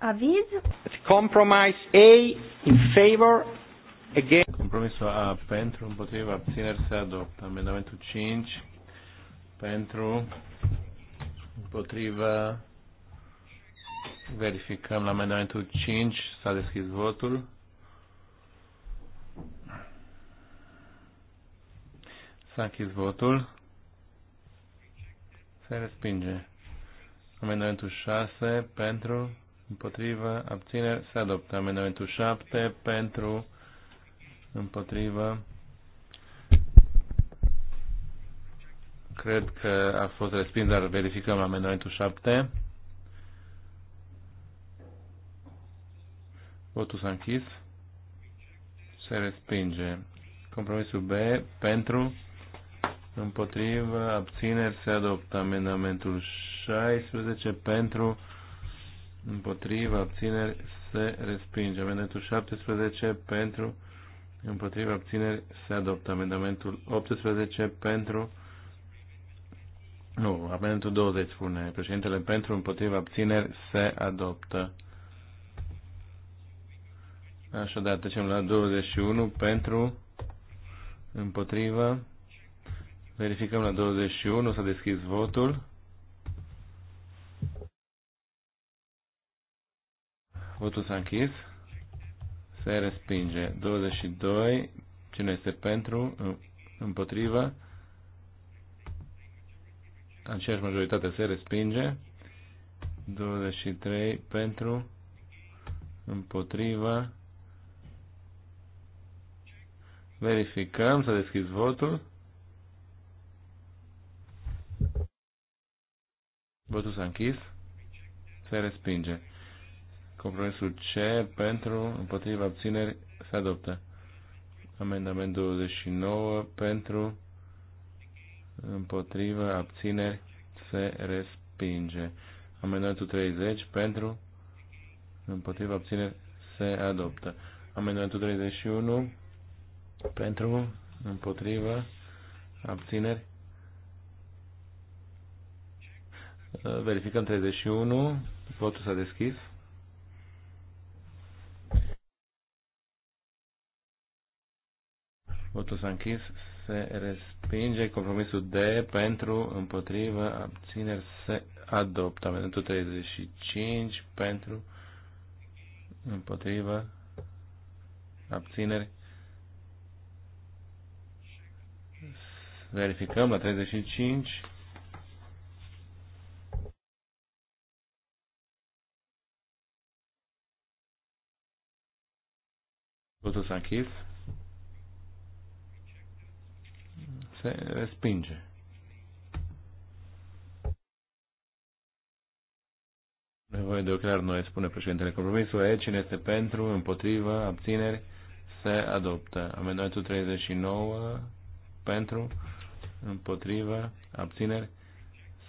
aviz. Compromise A in favor against. Compromisul A pentru, împotriva, abțineri se adoptă. Amendamentul 5 pentru, împotriva, verificăm la amendamentul 5, s-a deschis votul. S-a închis votul. Se respinge. Amendamentul 6 pentru, împotriva, abțineri, se adoptă. Amendamentul 7 pentru, împotriva, cred că a fost respins, dar verificăm amendamentul 7. Votul s-a închis. Se respinge. Compromisul B pentru, împotriva, abțineri, se adoptă. Amendamentul 16 pentru, împotriva abțineri se respinge. Amendamentul 17 pentru împotriva abțineri se adoptă. Amendamentul 18 pentru nu, amendamentul 20 spune președintele pentru împotriva abțineri se adoptă. Așadar, trecem la 21 pentru împotriva. Verificăm la 21, s-a deschis votul. Votul s-a închis. Se respinge. 22. Cine este pentru? Împotrivă. Aceeași majoritate se respinge. 23 pentru, Împotrivă. Verificăm, să deschis votul. Votul s-a închis. Se respinge. Compromisul C pentru, împotriva abțineri se adoptă. Amendament 29 pentru, împotriva abțineri se respinge. Amendamentul 30 pentru, împotriva abțineri se adoptă. Amendamentul 31 pentru, împotriva abțineri Verificăm 31. Votul s-a deschis. Votul s-a închis. Se respinge compromisul D pentru, împotrivă, abțineri se adoptă. Amendamentul 35 pentru, împotrivă, abțineri. Verificăm la 35. Votul s-a închis se respinge. Nevoie de ochelari noi, spune președintele compromisul. E, cine este pentru, împotrivă, abțineri, se adoptă. Amendamentul 39, pentru, împotrivă, abțineri,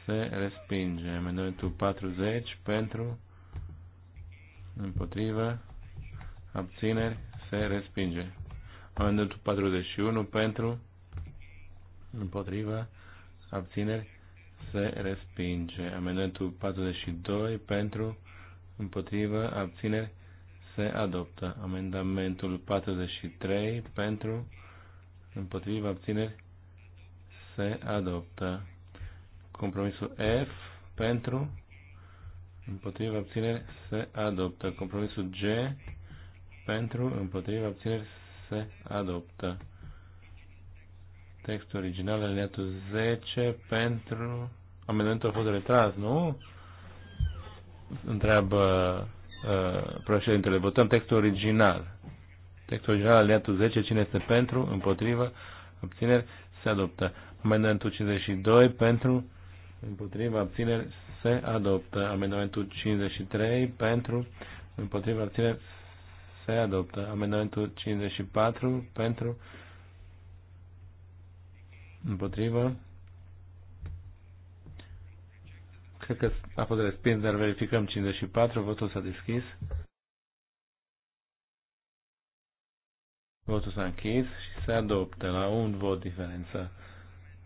se respinge. Amendamentul 40, pentru, împotrivă, abțineri, se respinge. Amendamentul 41, pentru, împotriva, abțineri, se respinge. Amendamentul 42 pentru, împotriva, abțineri, se adoptă. Amendamentul 43 pentru, împotriva, abțineri, se adoptă. Compromisul F pentru, împotriva, abțineri, se adoptă. Compromisul G pentru, împotriva, abțineri, se adoptă. Textul original, aliniatul 10, pentru... Amendamentul a fost retras, nu? Întreabă uh, președintele. Votăm textul original. Textul original, aliniatul 10, cine este pentru, împotrivă, abțineri, se adoptă. Amendamentul 52, pentru, împotrivă, abțineri, se adoptă. Amendamentul 53, pentru, împotrivă, abțineri, se adoptă. Amendamentul 54, pentru, Împotrivă. Cred că a fost respins, dar verificăm 54. Votul s-a deschis. Votul s-a închis și se adoptă la un vot diferență.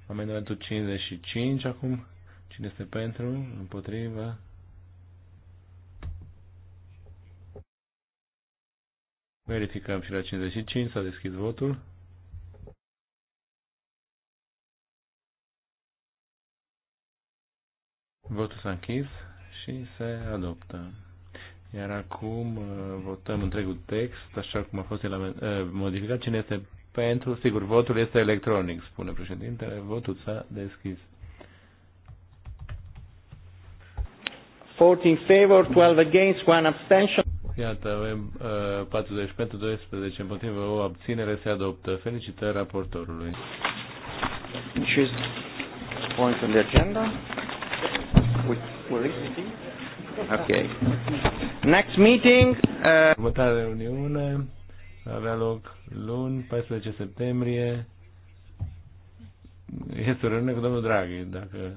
Amendamentul 55 acum. Cine este pentru? Împotrivă? Verificăm și la 55. S-a deschis votul. Votul s-a închis și se adoptă. Iar acum uh, votăm întregul text, așa cum a fost uh, modificat. Cine este pentru? Sigur, votul este electronic, spune președintele. Votul s-a deschis. 14 in favor, 12 against, 1 abstention. Iată, avem uh, 40 pentru 12 împotrivă o abținere se adoptă. Felicitări raportorului. Which punctul point on the agenda. Ok. Next meeting. Uh... Următoarea reuniune avea loc luni, 14 septembrie. Este o reuniune cu domnul Draghi, dacă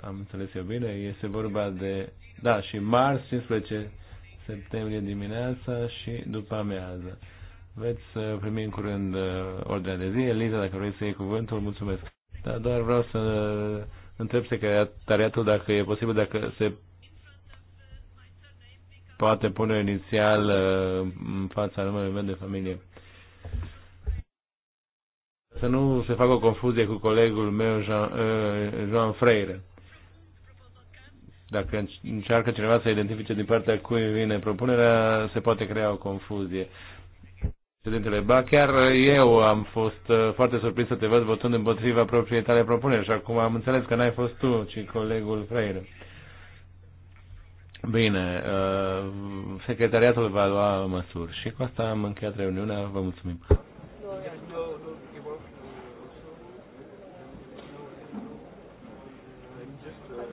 am înțeles eu bine. Este vorba de, da, și marți, 15 septembrie dimineața și după amiază. Veți uh, primi în curând uh, ordinea de zi. Eliza, dacă vrei să iei cuvântul, mulțumesc. Da, doar vreau să întreb secretariatul dacă e posibil, dacă se poate pune inițial uh, în fața numelui meu de familie. Să nu se facă o confuzie cu colegul meu, Jean, uh, Jean Freire. Dacă încearcă cineva să identifice din partea cui vine propunerea, se poate crea o confuzie. Președintele, ba chiar eu am fost uh, foarte surprins să te văd votând împotriva propriei tale propuneri și acum am înțeles că n-ai fost tu, ci colegul Freire. Bine, uh, secretariatul va lua măsuri și cu asta am încheiat reuniunea, vă mulțumim.